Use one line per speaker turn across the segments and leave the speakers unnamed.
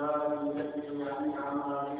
الله التي عليها ما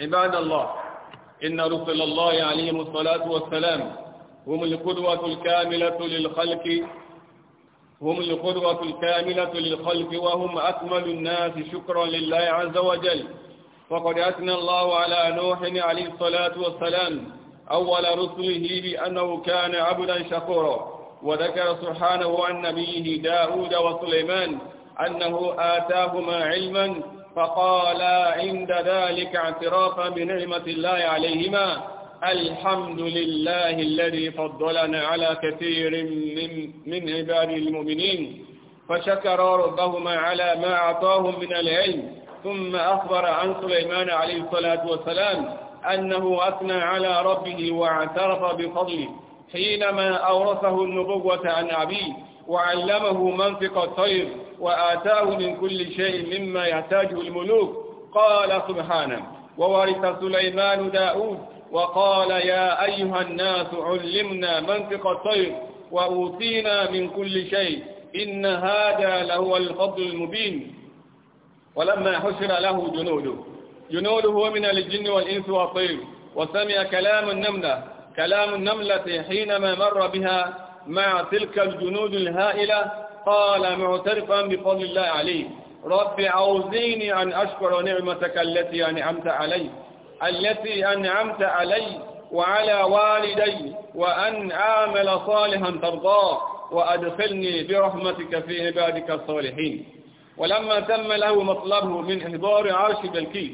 عباد الله إن رسل الله عليهم الصلاة والسلام هم القدوة الكاملة للخلق هم القدوة الكاملة للخلق وهم أكمل الناس شكرا لله عز وجل فقد أثنى الله على نوح عليه الصلاة والسلام أول رسله بأنه كان عبدا شكورا وذكر سبحانه عن نبيه داود وسليمان أنه آتاهما علما فقالا عند ذلك اعترافا بنعمة الله عليهما الحمد لله الذي فضلنا على كثير من, من عباد المؤمنين فشكرا ربهما على ما أعطاهم من العلم ثم أخبر عن سليمان عليه الصلاة والسلام أنه أثنى على ربه واعترف بفضله حينما أورثه النبوة عن أبيه وعلمه منفق الطير وآتاه من كل شيء مما يحتاجه الملوك قال سبحانه وورث سليمان داود وقال يا أيها الناس علمنا منطق الطير وأوتينا من كل شيء إن هذا لهو الفضل المبين ولما حشر له جنوده جنوده من الجن والإنس والطير وسمع كلام النملة كلام النملة حينما مر بها مع تلك الجنود الهائلة قال معترفا بفضل الله عليه رب عوزيني أن أشكر نعمتك التي أنعمت علي التي أنعمت علي وعلى والدي وأن عامل صالحا ترضاه وأدخلني برحمتك في عبادك الصالحين ولما تم له مطلبه من إهدار عرش بلكيس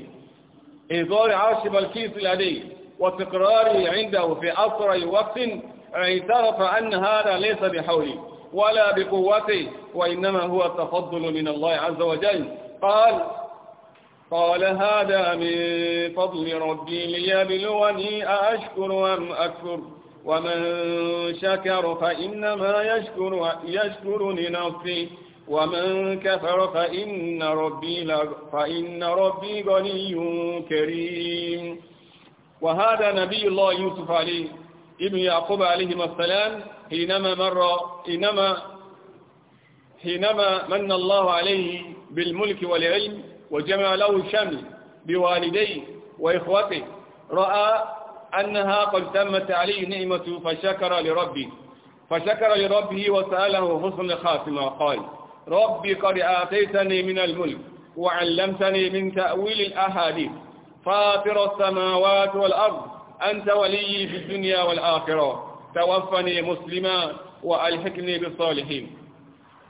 إهدار عرش بلكيس لديه وتقراره عنده في أسرع وقت اعترف أن هذا ليس بحولي ولا بقوتي وإنما هو تفضل من الله عز وجل قال قال هذا من فضل ربي ليبلوني أأشكر أم أكفر ومن شكر فإنما يشكر, يشكر لنفسه ومن كفر فإن ربي, فإن ربي غني كريم وهذا نبي الله يوسف عليه ابن يعقوب عليهما السلام حينما مر حينما حينما من الله عليه بالملك والعلم وجمع له الشمل بوالديه وإخوته رأى أنها قد تمت عليه نعمة فشكر لربه فشكر لربه وسأله حسن الخاتمة قال ربي قد آتيتني من الملك وعلمتني من تأويل الأحاديث فاطر السماوات والأرض أنت ولي في الدنيا والآخرة توفني مسلما وألحقني بالصالحين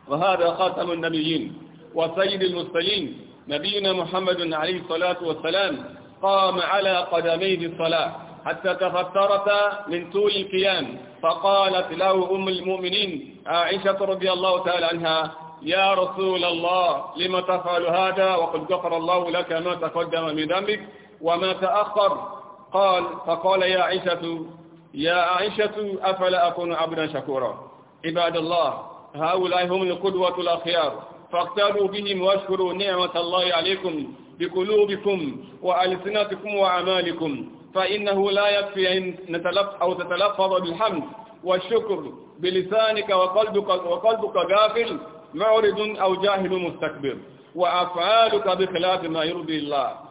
وهذا خاتم النبيين وسيد المرسلين نبينا محمد عليه الصلاة والسلام قام على قدميه الصلاة حتى تفترت من طول القيام فقالت له أم المؤمنين عائشة رضي الله تعالى عنها يا رسول الله لم تفعل هذا وقد غفر الله لك ما تقدم من ذنبك وما تأخر قال فقال يا عائشة يا عائشة أفلا أكون عبدا شكورا عباد الله هؤلاء هم القدوة الأخيار فاقتدوا بهم واشكروا نعمة الله عليكم بقلوبكم وألسنتكم وأعمالكم فإنه لا يكفي أن نتلف أو تتلفظ بالحمد والشكر بلسانك وقلبك وقلبك غافل معرض أو جاهل مستكبر وأفعالك بخلاف ما يرضي الله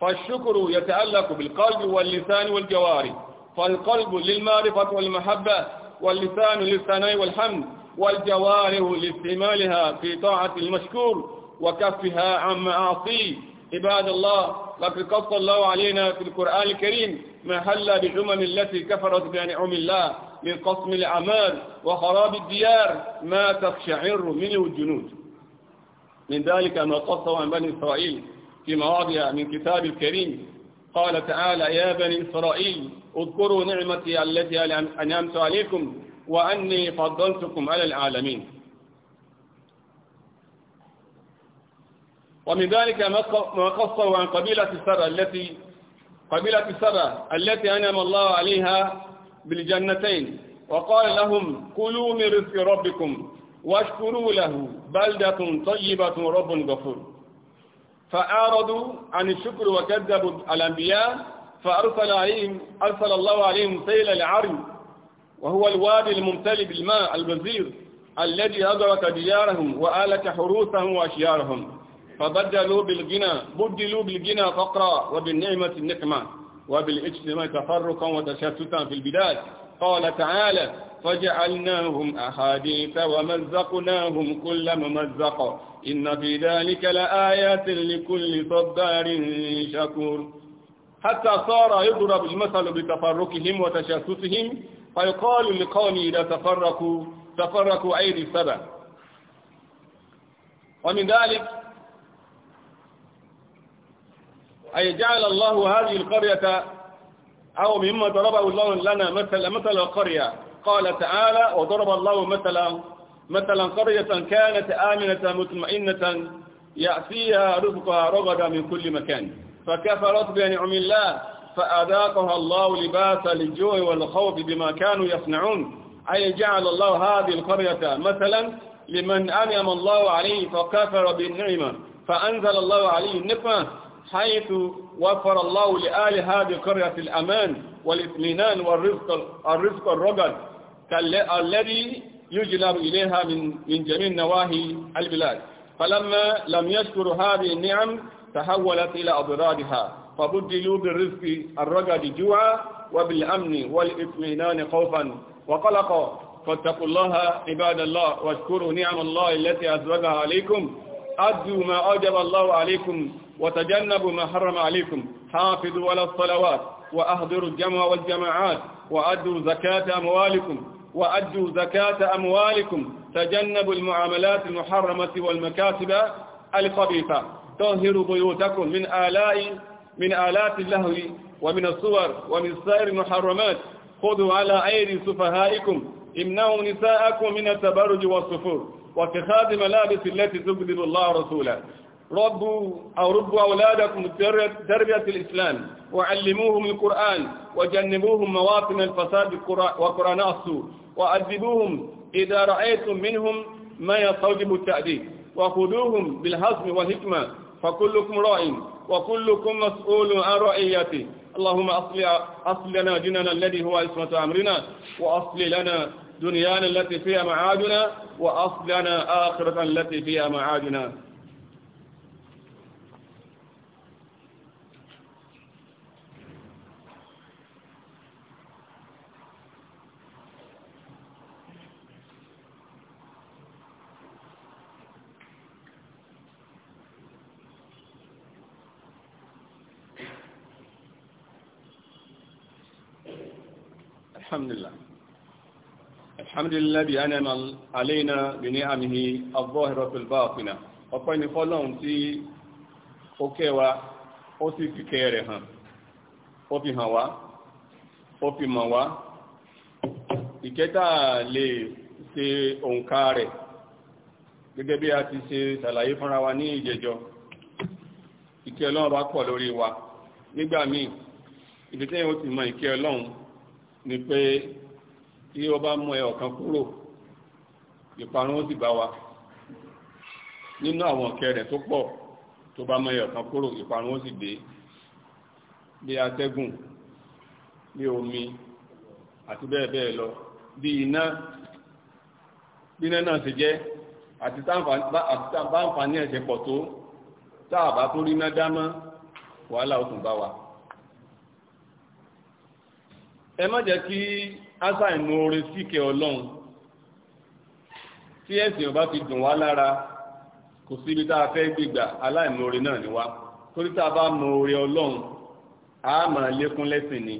فالشكر يتعلق بالقلب واللسان والجوارح فالقلب للمعرفة والمحبة واللسان للثناء والحمد والجوارح لاستعمالها في طاعة المشكور وكفها عن معاصي عباد الله لقد قص الله علينا في القرآن الكريم ما حل بالأمم التي كفرت بنعم الله من قسم الأعمال وخراب الديار ما تقشعر منه الجنود من ذلك ما قصه عن بني إسرائيل في مواضع من كتاب الكريم قال تعالى يا بني إسرائيل اذكروا نعمتي التي أنعمت عليكم وأني فضلتكم على العالمين ومن ذلك ما قصه عن قبيلة سرى التي قبيلة سرى التي أنعم الله عليها بالجنتين وقال لهم كلوا من رزق ربكم واشكروا له بلدة طيبة رب غفور فأعرضوا عن الشكر وكذبوا الأنبياء فأرسل عليهم أرسل الله عليهم سيل العرم وهو الوادي الممتلئ بالماء البزير الذي أدرك ديارهم وآلك حروسهم وأشيارهم فبدلوا بالغنى بدلوا بالغنى فقرا وبالنعمة النقمة وبالاجتماع تفرقا وتشتتا في البلاد قال تعالى فجعلناهم أحاديث ومزقناهم كل ممزق إن في ذلك لآيات لكل صبار شكور حتى صار يضرب المثل بتفرقهم وتشاسسهم فيقال لقوم إذا تفرقوا تفرقوا أيدي السبع ومن ذلك أي جعل الله هذه القرية أو مما ضربه الله لنا مثل مثل القرية قال تعالى وضرب الله مثلا مثلا قرية كانت آمنة مطمئنة يأتيها رزقها رغدا من كل مكان فكفرت بنعم الله فأذاقها الله لباس الجوع والخوف بما كانوا يصنعون أي جعل الله هذه القرية مثلا لمن أنعم الله عليه فكفر بالنعمة فأنزل الله عليه النقمة حيث وفر الله لآل هذه القرية الأمان والإطمئنان والرزق الرزق الرغد الذي يجلب إليها من من جميع نواحي البلاد فلما لم يشكروا هذه النعم تحولت إلى أضرارها فبدلوا بالرزق الرجل جوعا وبالأمن والإطمئنان خوفا وقلقا فاتقوا الله عباد الله واشكروا نعم الله التي أزوجها عليكم أدوا ما أوجب الله عليكم وتجنبوا ما حرم عليكم حافظوا على الصلوات وأحضروا الجمع والجماعات وأدوا زكاة أموالكم وأدوا زكاة أموالكم تجنبوا المعاملات المحرمة والمكاسب الخبيثة تظهروا بيوتكم من آلاء من آلات اللهو ومن الصور ومن سائر المحرمات خذوا على أيدي سفهائكم امنعوا نساءكم من التبرج والصفور واتخاذ ملابس التي تبذل الله رسولا ربوا أو ربوا أولادكم تربية الإسلام وعلموهم القرآن وجنبوهم مواطن الفساد وقرآن السور وأذبوهم إذا رأيتم منهم ما يستوجب التأديب وخذوهم بالهزم والحكمة فكلكم راع وكلكم مسؤول عن رعيته اللهم أصل لنا ديننا الذي هو عصمة أمرنا وأصل لنا دنيانا التي فيها معادنا وأصل لنا آخرة التي فيها معادنا الحمد لله الحمد لله بأنعم علينا بنعمه الظاهرة الباطنة ọpẹ́ ni fọ́lọ́run tí ó kẹwa ó sì fi kẹ́ rẹ̀ gẹ́gẹ́ a ti wa ní ìkẹ́ ọlọ́run bá pọ̀ lórí wa nígbà míì ti mọ ìkẹ́ ọlọ́run ni pé tí ó bá mú ẹ ọ̀kan kúrò ìparun ó sì bá wa nínú àwọn ọ̀kẹ́ rẹ̀ tó pọ̀ tó bá mọ́ ẹ̀yọ̀kan kúrò ìparun ó sì dé bí atẹ́gùn bí omi àti bẹ́ẹ̀ bẹ́ẹ̀ lọ bí iná bí iná náà ṣe jẹ́ àti báǹfààní ẹ̀ṣẹ̀ pọ̀ tó táàbá tó rí iná dámọ́ wàhálà ó tún bá wa ẹ má jẹ́ kí ásà ìmú oore síkẹ̀ ọlọ́run tí ẹ̀sìn ọba fi dùn wá lára kò síbi tá a fẹ́ gbígbà aláìmú oore náà ni wá torí tá a bá mú oore ọlọ́run a máa lékún lẹ́sìn ni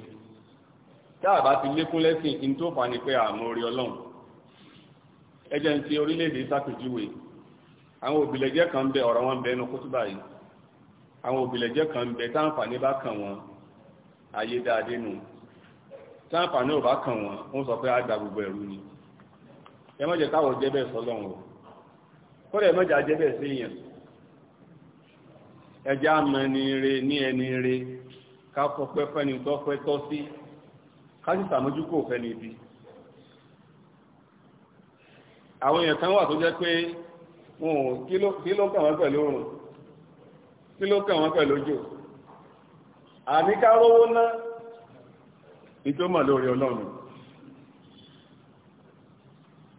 tá a bá ti lékún lẹ́sìn in tó fà ní pé àmú oore ọlọ́run ẹ jẹ́ ti orílẹ̀-èdè ṣàpèjúwe àwọn òbílẹ̀jẹ́ kan bẹ ọ̀rọ̀ wọn bẹ́ẹ̀ nu kútúbà yìí àwọn òbílẹ̀jẹ́ kan ń bẹ táǹfààní bá kàn wọn ayé dáadé nù táǹfààní ò bá kàn wọ́n wọ́n sọ pé àgbà gbogbo ẹ̀rú ni ẹ má jẹ́ káwọ̀ jẹ́ bẹ́ẹ̀ sọ́lọ́run o kọ́lẹ̀ má jẹ́ jẹ́ bẹ́ẹ̀ sí èèyàn ẹjá mẹni re ní ẹni re ká fọpẹ́ fẹ́ni tó fẹ́ tọ́ sí ká sì sàmójúkò fẹ́ni ibi àwọn èèyàn kan wà tó jẹ́ pé kí ló kàn wọ́n pẹ̀lú oòrùn kí ló kàn wọ́n pẹ̀lú òjò ìjọ mọ̀ lórí ọlọ́run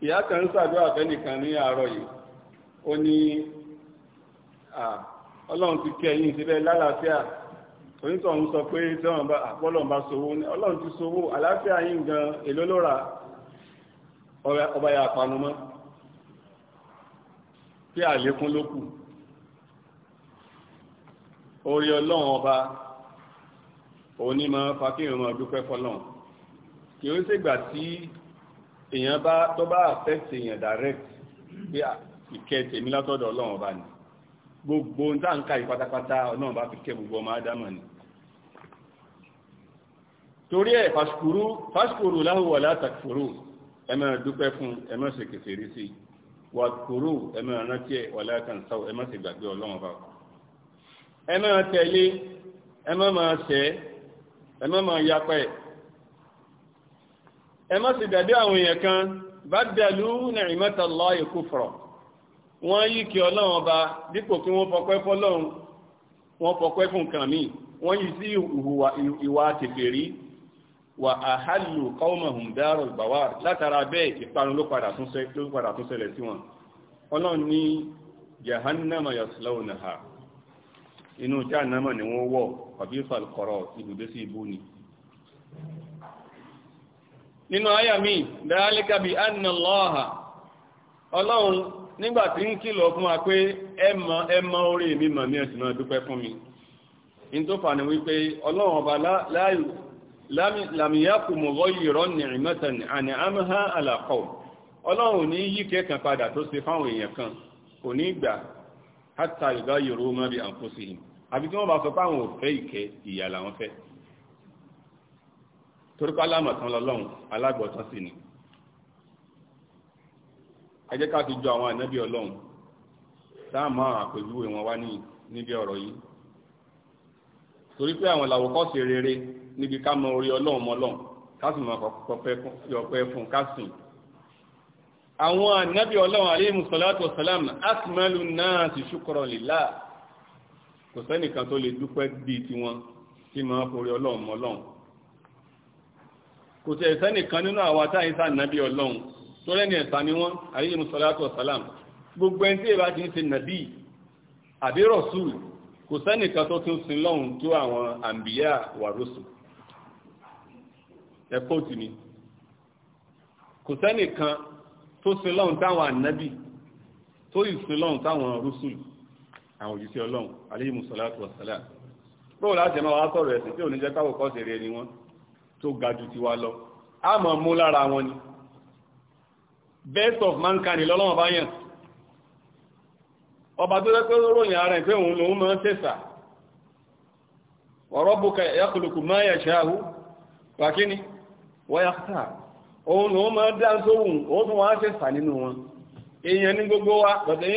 ìyá kan ń ṣàdúrà fẹ́nìkan ní àárọ̀ yìí ó ní ọlọ́run ti kẹ́ yìí síbẹ̀ lálàáfíà onítọ̀ ń sọ pé tẹ́wọ̀n bá àpọ́lọ̀ ọba ọba ọba ọba orí ọlọ́run ọba òun ní máa fa kí èèyàn máa dúpẹ́ fọ́lọ́run kì ó tí èèyàn bá tó bá affect èèyàn direct pé ah, ìkẹ́ tèmi látọ̀dọ̀ ọlọ́run ọba ni gbogbo ohun tá à ń ka ìpátápátá ọlọ́run bá fi kẹ́ gbogbo ọmọ ádámọ̀ ni torí ẹ̀ fàṣkúrú fàṣkúrú lahu wala takfuru ẹ máa dúpẹ́ fún ẹ máa ṣe kèfèrí sí wàkúrú ẹ máa rántí ẹ̀ wala tansaw ẹ máa ṣe gbàgbé ọlọ́run ọba ẹ tẹ̀lé ẹ máa máa ẹ má máa yapa ẹ̀ ẹ má sì dàbí àwọn èèyàn kan badaluna ni'matallahi kufra wọ́n yí kí ọlọ́run ọba dípò kí wọ́n fọpẹ́ fọlọ́run wọ́n fọpẹ́ fún nǹkan míì wọ́n yí sí ìwà tèfèrí wà àhálù qaumahum inú jahannama ni wọ́n wọ̀ ọ̀bífà kọ̀rọ̀ ibùdó sí ibú ni nínú àyà mi dáálíkà bí annallaha ọlọ́run nígbàtí ń kìlọ̀ fún wa pé ẹmọ orí mi mọ̀ mí ẹ̀sìn náà dúpẹ́ fún mi in tó fà ní wípé ọlọ́run ọba lámìyàkù mọ̀gọ́ yìí rọ́ ní àní àmìhá àlàkọ̀ ọlọ́run ní yí kẹ́kàn padà tó fáwọn èèyàn kan kò ní ìgbà hátà àbí tí wọ́n bá sọ pé àwọn ò fẹ́ ìkẹ́ ìyà làwọn fẹ́ torí pé alámọ̀tán lọ́lọ́run alágbọ̀tán sì ni ẹ jẹ́ ká fi jọ àwọn ànábì ọlọ́run dáàmú àpèjúwe wọn wá ní níbi ọ̀rọ̀ yìí torí pé àwọn làwòkọ́ṣe rere níbi ká mọ orí ọlọ́run mọ́lọ́run ká sì mọ ọpẹ́ fún ká sìn àwọn ànábì ọlọ́run alayhi salatu wassalam akmalu nasi shukran lillah kò sẹ́nìkan tó lè dúpẹ́ bíi tiwọn tí máa forí ọlọ́run mọ́ ọlọ́run kò tẹ̀ sẹ́nìkan nínú àwọn atáyín sáà nàbí ọlọ́run tó rẹ́ni ẹ̀sà ni wọ́n àríyí musalatu wasalam gbogbo ẹni tí ìbá ti ń ṣe nàbí àbí rọ̀sùl kò sẹ́nìkan tó tún sin lọ́hun tó àwọn àǹbíyà wà rọ́sùl ẹ̀kọ́ tì ní kò sẹ́nìkan tó sin lọ́hun táwọn ànábì tó yìí àwọn òjíṣẹ́ ọlọ́run aléyìmù ọ̀sálà bóò láti máa wá sọ̀rọ̀ ẹ̀sìn tí ò ní jẹ́ rẹ̀ ni wọ́n tó ga jù lọ a mọ̀ mú ni best of mankind lọ́lọ́wọ́n bá yàn ọba tó jẹ́ pé ròyìn ara ẹ̀ òun lòun máa ń tẹ̀sà wa ma yasha'u wa kini wa yakhtar òun lòun máa dá sóhùn ó tún wá tẹ̀sà nínú wọn èèyàn ní wa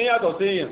yàtọ̀ sí èèyàn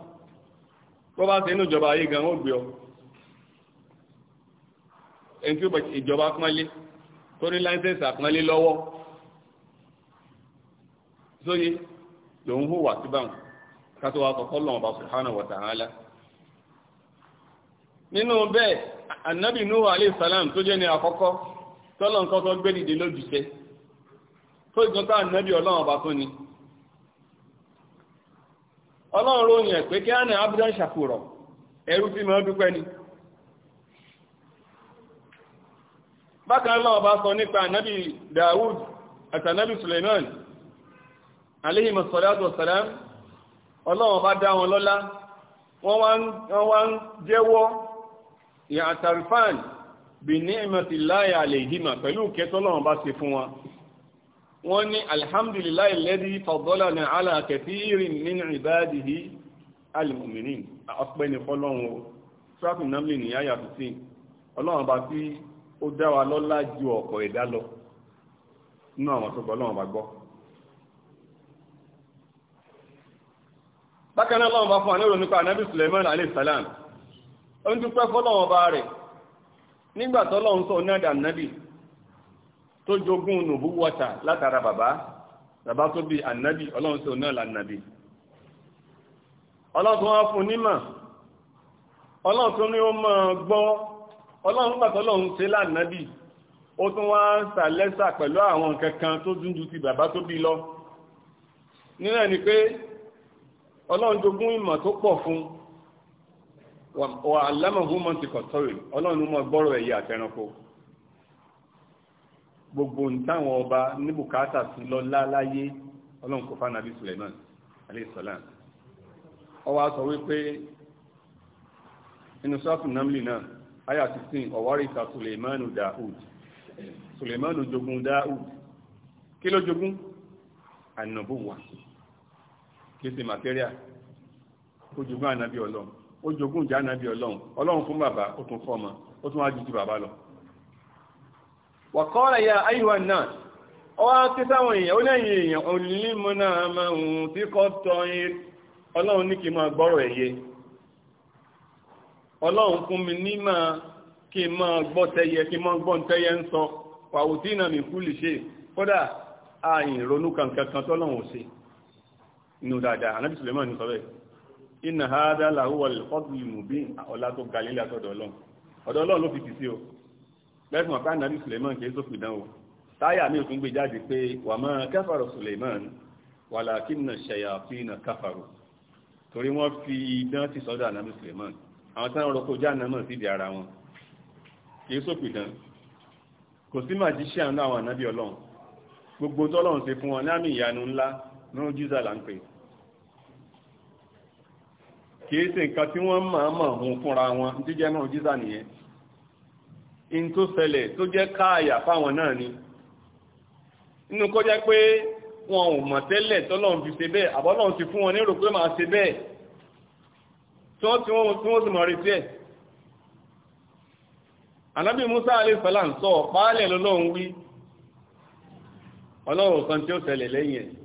bó bá ṣe inú ìjọba ayé gan ó gbé ọ ẹni tí ó bọ̀ ìjọba pọ́nlé tó ní láńsẹ̀nsì àpọ́nlé lọ́wọ́ sóyè lòun hùwà síbáwọn kátó wa kọ́kọ́ lọ́wọ́ bá subhanahu wa ta'ala nínú bẹ́ẹ̀ annabi nuhu alayhi salam tó jẹ́ ní àkọ́kọ́ tọ́lọ̀ nǹkan tó gbé dìde lójúṣe tó ìjọba annabi ọlọ́run ọba tó ni ọlọ́run ròyìn pé kí á nà abdán ṣàkùrọ̀ ẹrú tí mọ́ dúpẹ́ ni bákan náà bá sọ nípa ànábì Dawud Suleiman aléhìm sọ́látò sàlám ọlọ́run bá dá wọn lọ́lá wọ́n wá ń jẹ́wọ́ ìyàtàrífàn bí ní ìmọ̀tí láyà àlèhìmà pẹ̀lú kẹtọ́lọ́run bá ṣe fún wọn wọ́n ní alhamdulillahi alladhi faddalana ala kathirin min ibadihi al-mu'minin ọpẹ́ ní fọ́lọ́run o traffic namely ní àyà 15 ọlọ́run bá tí ó dá wa lọ́lá ju ọ̀pọ̀ ẹ̀dá lọ nínú àwọn tó gbọ́ bá gbọ́ bákan náà bá fún àníwò nípa anábì Suleiman alayhi ó ń dúpẹ́ fọ́lọ́run bá rẹ̀ nígbà sọ náà dà nábì tó jogún nùbú wọ́ta látara bàbá bàbá tó bí ànábì ọlọ́run sí ọ̀nà ìlànàbì ọlọ́run tó wá fún nímọ̀ ọlọ́run tó ní ó mọ̀ gbọ́ ọlọ́run pàtọ́ ọlọ́run sí lànàbì ó tún wá ń sàlẹ́sà pẹ̀lú àwọn kankan tó dúndú ti bàbá tó bí lọ nílẹ̀ ni pé ọlọ́run jogún ìmọ̀ tó pọ̀ fún wà lámàhúmọ́ ti kọ̀tọ́rì ọlọ́run mọ̀ gbọ́rọ̀ ẹ̀yà àtẹranko gbogbo ntáwọn ọba ní bùkátà sí lọ láláyé ọlọ́run kò fánà bí Suleiman aleyhisselam ọwá sọ wípé inú sọ́ọ̀tù namli náà aya 16 ọ̀wárìta Suleimanu Daud Suleimanu jogun Daud kí ló jogun ànàbó wà kí sí material ó jogun ànàbí ọlọ́run ó jogun jẹ́ ànàbí ọlọ́run ọlọ́run fún bàbá ó tún fọ́mọ ó tún wá jù jù bàbá lọ wàkọ́ọ̀lá ya ayíwa náà ọwá tí sáwọn èèyàn ó lẹ́yìn èèyàn olímọ́nà àmà ohun tí kọ́ tọ́ ọlọ́run ní kí máa gbọ́rọ̀ ẹ̀yẹ ọlọ́run fún mi ní máa kí máa gbọ́ tẹ́yẹ kí máa gbọ́ tẹ́yẹ ń sọ pàwò tí ìnà mi kú lè ṣe kódà ààyìn ronú kankan tọ́lọ́run ò sí inú dáadáa lẹ́sùn ọ̀pá nàbí Suleiman kìí sófin ìdánwò táyà mi ò tún gbé jáde pé wà mọ́ kẹfàrọ̀ Suleiman wà láàkí nà ṣẹ̀yà fi nà kẹfàrọ̀ torí wọ́n fi idán ti sọ́dọ̀ ànábì Suleiman àwọn tán rọ kọjá ànámọ̀ sí ìdí ara wọn kìí sófin ìdán kò sí máa jí ṣẹ́ àwọn ànábì ọlọ́run gbogbo tọ́lọ́run ṣe fún wọn láàmì ìyanu ńlá ní jíza là ń pè kìí ṣe nǹkan tí wọ́n máa mọ̀ fúnra wọn jíjẹ́ náà jíza nìyẹn in tó ṣẹlẹ̀ tó jẹ́ káàyà fáwọn náà ni inú kọ́ jẹ́ pé wọn ò mọ̀ tẹ́lẹ̀ tọ́lọ́run fi ṣe bẹ́ẹ̀ àbọ́lọ́run ti fún wọn nírò pé máa ṣe bẹ́ẹ̀ tí wọ́n tí wọ́n tí wọ́n sì mọ̀ retí ẹ̀ anábì Musa alayhi salam sọ ọ̀páálẹ̀ lọ́lọ́run wí ọlọ́run kan tí ó ṣẹlẹ̀ lẹ́yìn ẹ̀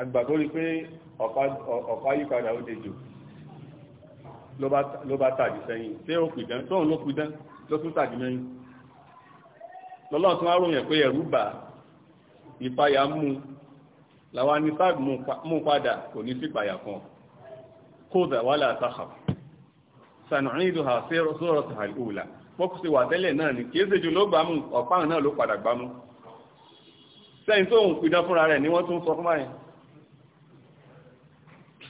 àgbà tó rí pé ọ̀pá yípadà ó dejò ló bá tàbí sẹ́yìn tí ó pìdán tóun ló pìdán ló tún tàbí mẹ́rin lọ́lọ́run tún wá ròyìn ẹ̀ pé ẹ̀rù bà ìpayà mú làwọn ní sáàbù mú padà kò ní sí ìpayà kan kódà wala takhaf san'iduha suratuha al-ula mọ́kù sí wà tẹ́lẹ̀ náà ni kìí ṣe jù ló gbámú ọ̀pá náà ló padà gbámú sẹ́yìn tó ń pidán fúnra rẹ̀ ni wọ́n tún sọ fún báyìí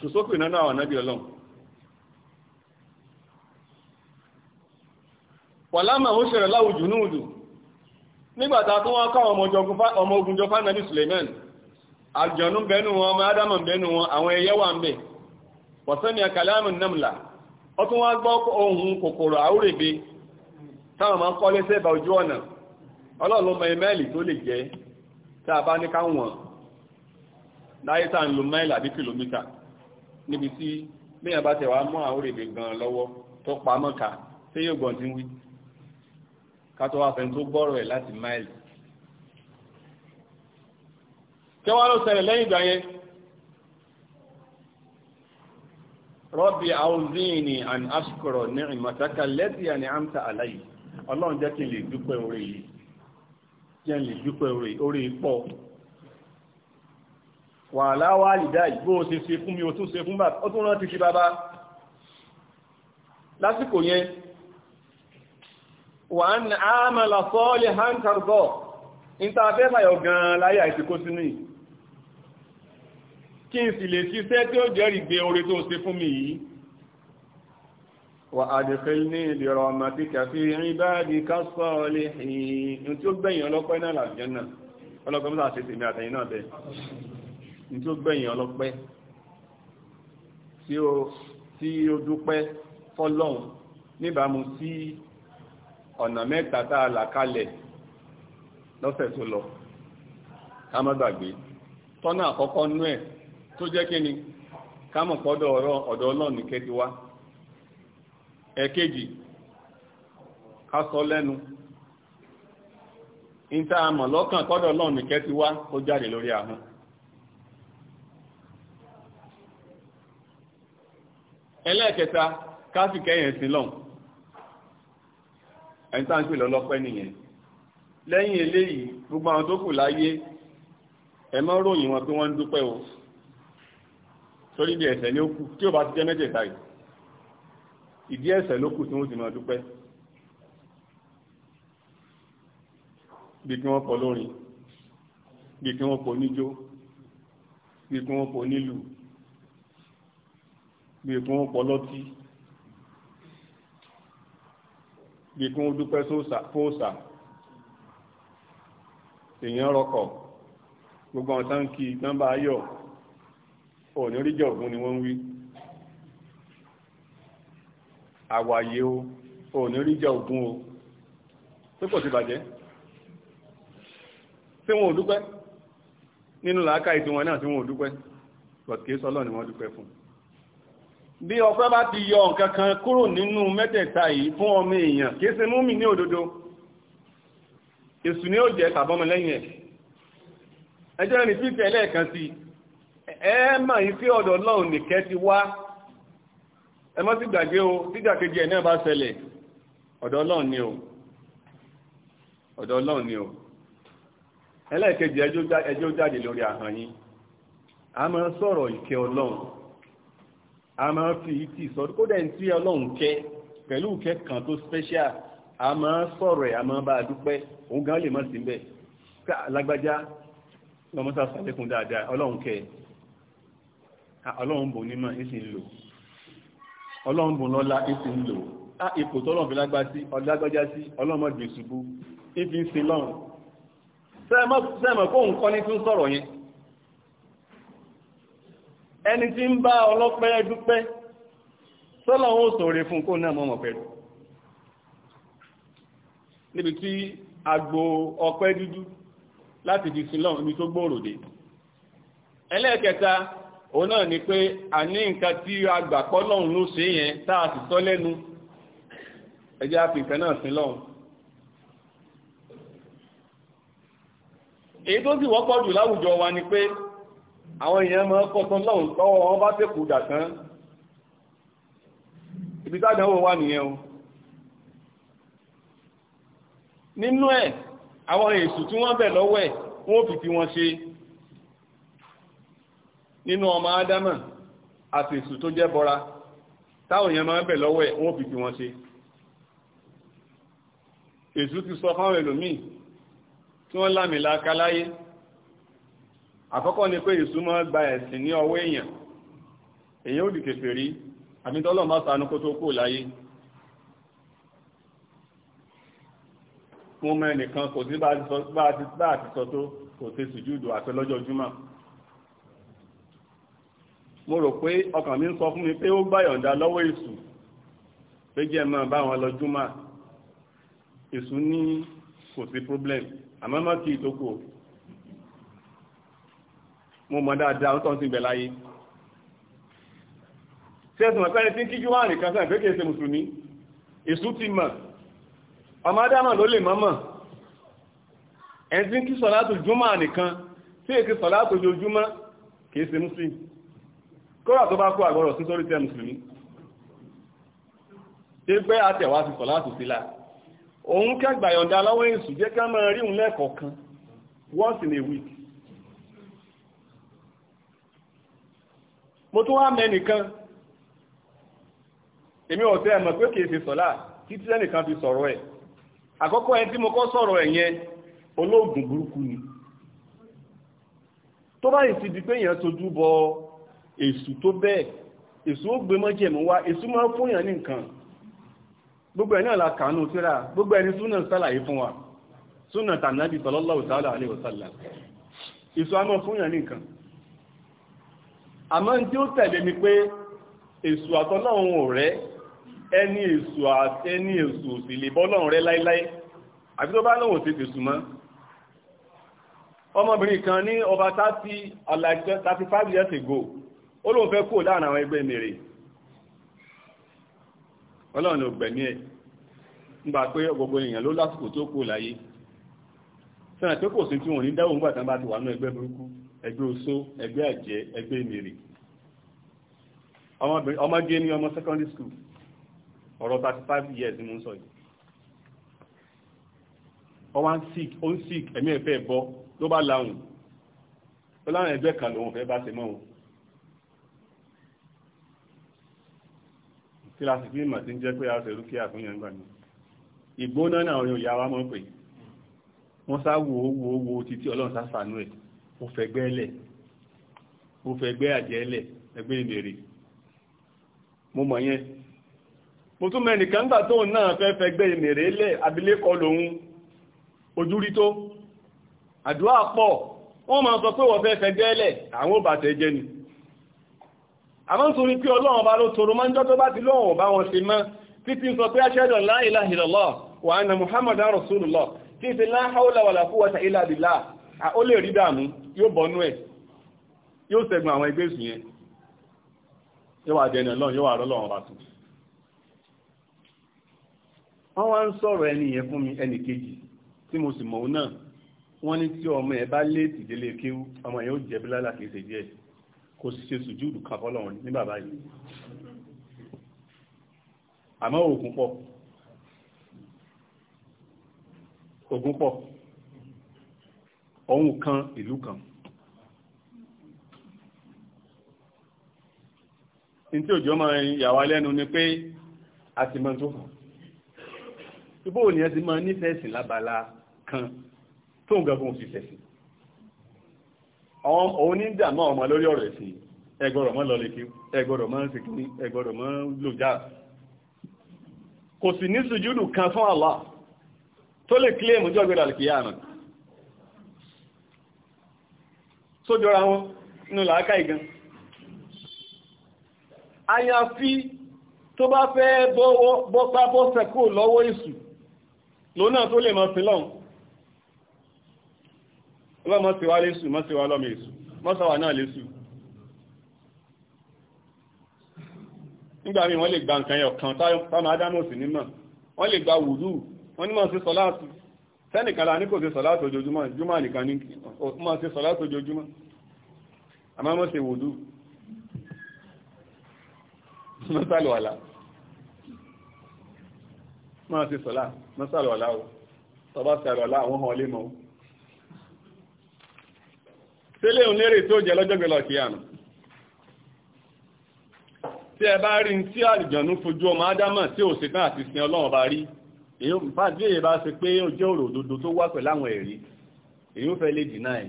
kò sókè náà àwọn náà bí ọlọ́run wàlámà ó ṣẹlẹ̀ láwùjù núùdù nígbàtà tó wọ́n káwọn ọmọ ogun jọ fánàbí Suleiman àjọ̀nú bẹnu wọn ọmọ Adamu bẹnu wọn àwọn ẹyẹ wà ń bẹ wọ̀sẹ́ni àkàlámù nàmìlà ó tún wá gbọ́ ohun kòkòrò àwúrèbe táwọn máa kọ́ lẹ́sẹ̀ bá ojú ọ̀nà ọlọ́run mọ ẹmẹ́lì tó lè jẹ́ tá a bá ní káwọn láyé tá ń pa mọ́ka tí yóò gbọ̀n ti ń wí kátó wá fẹ́ni tó gbọ́rọ̀ ẹ̀ láti máìlì kí wọ́n ló ṣẹlẹ̀ lẹ́yìn ìgbà yẹn rọ́bì àwùzíìnì àn aṣkọ̀rọ̀ ní ìmọ̀sáka lẹ́tì àní àmta àláyé ọlọ́run jẹ́ kí n lè dúpẹ́ orí yìí jẹ́ n lè dúpẹ́ orí orí pọ̀ wà láwá ìgbó ṣe ṣe fún mi ó tún ṣe fún bàbá ó tún rántí sí bàbá lásìkò yẹn wà ń àmàlà sọ́ọ̀lì hankargọ́ in ta fẹ́ fàyọ̀ gan láyé àìsíkó sínú yìí kí n sì lè ṣiṣẹ́ tí ó jẹ́rìí gbé oore tó ṣe fún mi yìí wà adkhilni li rahmatika fi ibadika salihin tí ó gbẹ̀yìn ọlọ́pẹ́ náà làjẹ́ náà ọlọ́pẹ́ mọ́ta ṣe tèmi àtẹ̀yìn náà bẹ́ẹ̀ tí ó gbẹ̀yìn ọlọ́pẹ́ tí ó dúpẹ́ fọ́lọ́hun níbàámu sí ọ̀nà mẹ́ta tá a là kalẹ̀ lọ́sẹ̀ tó lọ tọ́nà àkọ́kọ́ nú ẹ̀ tó jẹ́ kí ni ká pọ́dọ̀ ọ̀rọ̀ ọ̀dọ̀ ọlọ́ọ̀nì kẹ́ti wá ẹ̀kejì lẹ́nu àmọ̀ lọ́kàn pọ́dọ̀ ọlọ́ọ̀nì ó jáde lórí ahụ. ẹlẹ́ẹ̀kẹta ẹni tá ń pè lọ́lọ́pẹ́ nìyẹn lẹ́yìn eléyìí gbogbo àwọn tó kù láyé ẹ mọ́ ròyìn wọn pé wọ́n ń dúpẹ́ o torí ìdí ẹ̀ṣẹ̀ ni ó kù tí ó bá ti jẹ́ mẹ́tẹ̀ẹ̀ta yìí ìdí ẹ̀ṣẹ̀ ló kù tí wọ́n ti máa dúpẹ́ bí kí wọ́n kọ lórin bí kí wọ́n kọ níjó bí kí wọ́n kọ nílù bí kí wọ́n kọ lọ́tí bí kí wọ́n dúpẹ́ fóòsà èèyàn rọkọ̀ gbogbo àwọn táǹkì nọ́mbà ayọ̀ òní oríjọ ògùn ni wọ́n ń wí àwàyé o òní oríjọ ògùn o tó pọ̀ sí bàjẹ́ tí wọn ò dúpẹ́ nínú làákàyè tí wọn náà tí wọn ò dúpẹ́ bọ̀tíkẹ́ sọ́lọ́ ni wọ́n dúpẹ́ fún un bí ọ̀fẹ́ bá ti yọ nǹkan kan kúrò nínú mẹ́tẹ̀ẹ̀ta yìí fún ọmọ èèyàn kìí mú mi ní òdodo èsù ni ó jẹ́ tàbọ́mọ lẹ́yìn ẹ̀ ẹjọ́ ní fífẹ́ lẹ́ẹ̀kan sí ẹ mà yí sí ọ̀dọ̀ Ọlọ́run nìkẹ́ ti wá ẹ o ẹ̀ ọ̀dọ̀ Ọlọ́run ni o jáde lórí a máa fi ìtì sọ́dọ̀ kódà ní tí ọlọ́run kẹ pẹ̀lú ìkẹ́ kan tó special a máa sọ̀rọ̀ ẹ̀ a máa bá a dúpẹ́ òun gan lè má sí bẹ́ẹ̀ ká lágbájá lọ́mọ́sá sàlékún dáadáa ọlọ́run kẹ ọlọ́run bò nímọ̀ ní sì ń lò ẹni tí ń bá ọlọ́pẹ́ dúpẹ́ sọ́lọ̀ ó sọ̀rẹ̀ fún kó náà mọ́mọ̀ pẹ̀lú níbi tí agbo ọpẹ́ dúdú láti di sílọ̀ ibi tó gbòòrò dé ẹlẹ́ẹ̀kẹta òun náà ni pé a ní nǹkan tí a gbà pọ́ lọ́hùn ló ṣe yẹn tá sì sọ lẹ́nu ẹjẹ́ a fi nǹkan náà sí èyí tó sì wọ́pọ̀ jù láwùjọ wa ni pé àwọn èèyàn mọ́ kọ́tán lọ́hùn tọ́wọ́ wọn bá tẹ́kù dàtán ibi tádánwò wà nìyẹn o nínú ẹ̀ àwọn èṣù tí wọ́n bẹ̀ lọ́wọ́ ẹ̀ wọ́n fi fi wọn ṣe nínú ọmọ ádámà àti èṣù tó jẹ́ bọ́ra táwọn èèyàn máa ń bẹ̀ lọ́wọ́ ẹ̀ wọ́n fi fi wọn ṣe èṣù ti sọ fáwọn ẹlòmíì tí wọ́n lámìlaka láyé àkọ́kọ́ ni pé ìsúnmọ́ gba ẹ̀sìn ní ọwọ́ èèyàn èèyàn ò di kèfèrí àbí tọ́lọ̀ má ṣàánú kó tó kú láyé fún ọmọ ẹnìkan kò sí bá ti sọ tó kò sí sùjúdù àti lọ́jọ́ júmọ́ mo rò pé ọkàn mi ń sọ fún mi pé ó gbàyọ̀ǹda lọ́wọ́ èṣù pé jẹ́ mọ́ bá wọn lọ júmọ́ èṣù ní kò sí problem àmọ́ mọ́ kí ìtókò mo mọ̀ dáadáa ó tọ́n sí ìbẹ̀ láyé sẹ́sùn ọ̀pẹ́ni tí ń kíjú wà nìkan sáà pé kèèṣe mùsùlùmí èṣù ti mọ̀ ọmọ adámà ló lè mọ́mọ̀ ẹni tí ń kí sọ̀látò júmọ̀ nìkan tí èkí sọ̀látò jojúmọ́ kèèṣe mùsùlùmí kóra tó bá kó àgbọ̀rọ̀ sí sórí tẹ́ mùsùlùmí tí pé àtẹ̀wá ti sọ̀látò sílá òun kẹgbàyọ̀ndà lọ́wọ́ èṣù jẹ́ ká máa rí òun lẹ́kọ̀ọ̀kan once in a week mo tún wá mẹ́nìkan èmi ọ̀tẹ́ ẹ̀mọ̀ pé kìí ṣe sọ́lá títí ẹnìkan fi sọ̀rọ̀ ẹ̀ àkọ́kọ́ ẹ tí mo kọ́ sọ̀rọ̀ ẹ̀ yẹn olóògùn burúkú ni tó bá ìsì di pé èèyàn tójú bọ èṣù tó bẹ́ẹ̀ èṣù ó gbé mọ́jẹ̀mú wá èṣù máa fún èèyàn ní nǹkan gbogbo ẹ̀ náà la kàánú tíra gbogbo ẹni súnà sálàyé fún wa súnà tànàbì sallallahu ta'ala alaihi wasallam èṣù á máa fún èèyàn ní àmọ́ ní tí ó tẹ̀lé ni pé èṣù àtọ́lọ́run ò rẹ́ ẹni èṣù àti ẹni èṣù òsì lè bọ́lọ́run rẹ́ láíláí àbí tó bá ọmọbìnrin kan ní ọba tàti ago ó lóun fẹ́ láàrin àwọn ẹgbẹ́ mèrè ọlọ́run gbẹ̀mí ẹ̀ nígbà pé gbogbo èèyàn ló lásìkò tó láyé sẹ́nà tó kò sí tí ní bá ti ẹgbẹ́ oṣó ẹgbẹ́ àjẹ́ ẹgbẹ́ ìmèrè ọmọge ní ọmọ secondary school ọ̀rọ̀ 35 years ni mo ń sọ yìí ọwá ń sick ó ń sick ẹ̀mí ẹ̀fẹ́ bọ́ ló bá láwùn ó láwọn ẹgbẹ́ kan lòun fẹ́ bá ṣe mọ́ wọn kíláàsì fíìmù àti ń jẹ́ pé a ṣe rúkìá fún yẹn gbà ní ìgbóná náà àwọn yòòyà wa mọ̀ pé wọ́n sá wo wo wo títí ọlọ́run sá sànú ẹ̀ ó fẹ̀gbẹ́ lẹ̀ ó fẹ̀gbẹ́ àjẹ́ lẹ̀ ẹgbẹ́ ìbèrè mo mọ̀ yẹn mo tún mẹ́nìkan gbà tóun náà fẹ́ fẹ̀gbẹ́ ìmèrè lẹ̀ abilékọ lòun ojúrí tó àdúrà pọ̀ wọ́n máa sọ pé wọ́n fẹ́ fẹ̀gbẹ́ lẹ̀ àwọn òbàtẹ̀ jẹ́ ni àmọ́ nítorí pé ọlọ́run ọba ló toro máa ń jọ́ bá ti lóhùn ọba wọn ṣe mọ́ títí sọ pé ashhadu an la ilaha illallah wa anna títí la hawla wala quwwata rí dààmú yóò bọ́nú ẹ̀ yóò ṣẹ́gun àwọn ẹgbẹ́ èṣù yẹn yóò wà dẹni ọlọ́run yóò wà rọ́lọ́run bá tún wọ́n wá ń sọ̀rọ̀ ẹni yẹn fún mi ẹnì kejì tí mo sì mọ̀ ọ́ náà wọ́n ní tí ọmọ ẹ̀ bá léètì délé kéwú ọmọ yẹn ó jẹ́ bí lálà kìí ṣe díẹ̀ kò sì ṣe sùjúùdù kan fọ́lọ́run ní bàbá yìí àmọ́ òògùn pọ̀ òògùn pọ̀ ọ̀hún kan ìlú kan tí òjò máa yàwá lẹ́nu ni pé a ti mọ́ tó kàn ibò ní ẹ ti máa nífẹ̀ẹ́sì lábala kan tó ń gagun fi fẹ̀sì òun ní dàmú ọmọ lórí ọ̀rọ̀ ẹ̀sìn ẹgbọ́rọ̀ mọ́ lọ lékí ẹgbọ́rọ̀ mọ́ sí kí ẹgbọ́rọ̀ mọ́ lòjá kò sì ní sùjúdù kan fún Allah tó lè kílèmù jọ́gbẹ̀rẹ̀ àlùkìyà náà sójọra wọn nínú làákà ìgan àyàfi tó bá fẹ́ bọ́pá bọ́sẹ̀ kúrò lọ́wọ́ èṣù lónà tó lè mọ́ sí lọ́hùn ọlọ́mọ́ sí wá lésù mọ́ sí wá lọ́mọ èṣù mọ́sàwà náà lésù nígbàmí wọ́n lè gba nǹkan ẹ̀ọ̀kan táwọn adámọ̀ sí nímọ̀ wọ́n lè gba wùdú wọ́n nímọ̀ sí sọláàtù sẹ́nìkan la ní kò ṣe sọ̀láàtò ojoojúmọ́ júmọ́ nìkan ní ọmọ ṣe sọ̀láàtò ojoojúmọ́ àmọ́mọ́ ṣe wòdú mọ́sàlùwàlá máa ṣe sọ̀lá mọ́sàlùwàlá o tọba sàlùwàlá àwọn hàn lé mọ́ o tẹ́lẹ̀ òun lérè tó jẹ́ lọ́jọ́ gbẹ̀lọ̀ kí àmà tí ẹ bá rí tí àlìjọ̀nú fojú ọmọ ádámà tí ò ṣetán àti sin ọlọ́run bá rí èyí fàájú èyí bá ṣe pé ó jẹ́ òrò òdodo tó wá pẹ̀lú ẹ̀rí èyí ó fẹ́ lè dínà ẹ̀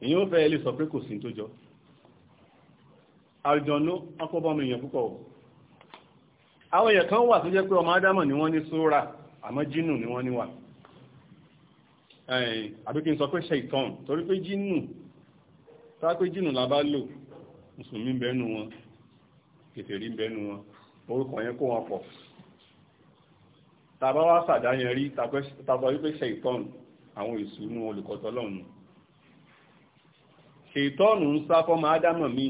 èyí ó fẹ́ lè sọ pé kò sí tó jọ àjọ̀nú ọkọ̀bọ̀mù èèyàn púpọ̀ àwọn èèyàn kan wà tó jẹ́ pé ọmọ ádámọ̀ ni wọ́n ní sóra àmọ́ jínù ni wọ́n níwà àbí wọn yẹn kó wọn tàbá wá sàdáyẹn rí tàbá wípé ṣèitọ́n àwọn èṣù inú olùkọ́tọ́ lọ́nu ṣèitọ́n ń sá fọ́mọ ádámọ̀ míì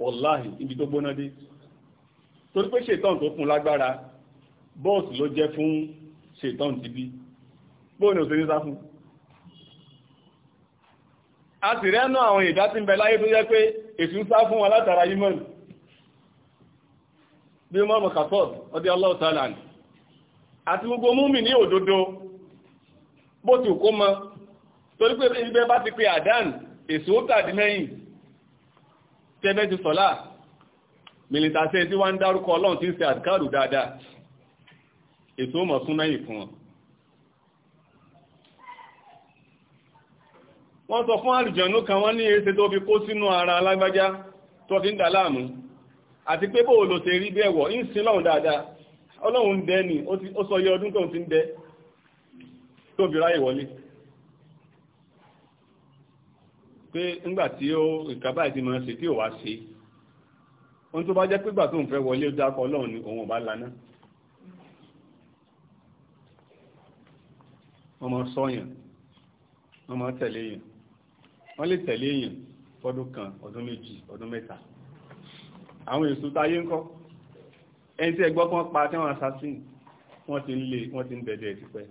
wọ̀láhì ibi tó gbóná dé torí pé ṣèitọ́n tó fún lágbára bọ́ọ̀sì ló jẹ́ fún ṣèitọ́n ti bí bóòni ò sí ní sá fún a sì rẹ́nu àwọn ìdá tí ń bẹ láyé tó jẹ́ pé èṣù ń sá fún wọn látara yímọ̀nù bí mọ́mọ̀ kàtọ́ọ̀tì ọdí ọlọ́ọ̀tàlá àti gbogbo múmi ní òdodo bó ti kó mọ torí pé ibẹ̀ bá ti pe àdán èso tàdínlẹ́yìn tẹ́bẹ́ ti sọ́lá mìlìtàṣẹ́ tí wá ń dárúkọ ọlọ́run tí ń ṣe àdìkàrù dáadáa èso mọ̀ sún lẹ́yìn fún wọn wọ́n sọ fún àlùjànnú kan wọ́n ní èsè tó fi kó sínú ara alágbájá tó fi ń dà láàmú àti pé bóòlò ṣe rí bẹ́ẹ̀wọ̀ ń sin lọ́run dáadáa ọlọ́run dẹ ni ó sọ yẹ ọdún tóun ti ń dẹ tó fi ráyè wọlé pé ńgbà tí ó ìkàbá ìdí mọ́ ṣe tí ò wá ṣe ohun tó bá jẹ́ pígbà tóun fẹ́ wọlé ó ọlọ́run ni òun bá laná wọ́n sọ́yàn wọ́n tẹ̀lé èèyàn wọ́n lè tẹ̀lé èèyàn fọ́dún kan ọdún méjì ọdún mẹ́ta àwọn èso táyé ń ẹni tí ẹgbọ́ kan pa tí wọ́n assassin wọ́n ti ń lé wọ́n ti ń bẹ̀dẹ̀ ìtìpẹ́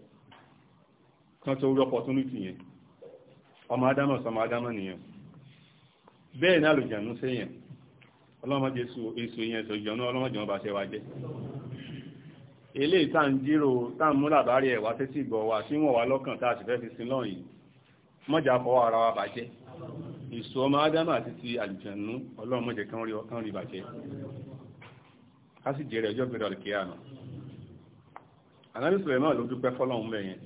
kan tó rí opportunity yẹn ọmọ adámọ̀ sọmọ adámọ̀ nìyẹn bẹ́ẹ̀ náà lò jànú sẹ́yìn ọlọ́mọdé èso yẹn sọ jọ̀nú ọlọ́mọdé wọn bá ṣe wájẹ́ eléyìí tá ń jírò tá ń mú làbárí ẹ̀wá tẹ́sí ìgbọ̀ wa tí wọ́n wà lọ́kàn tá a sì fẹ́ fi sin lọ́yìn mọ́jà fọwọ́ ara wa bàjẹ́ èso ọmọ adámọ̀ àti ti àlùjànú ọlọ́mọdé kan rí ọkàn rí bàjẹ́ ká sì jèrè ọjọ́ gbèrè ọ̀dẹ̀kẹ́ àná anábì Sulaiman ló dúpẹ́ fọ́lọ́hún mẹ́yẹn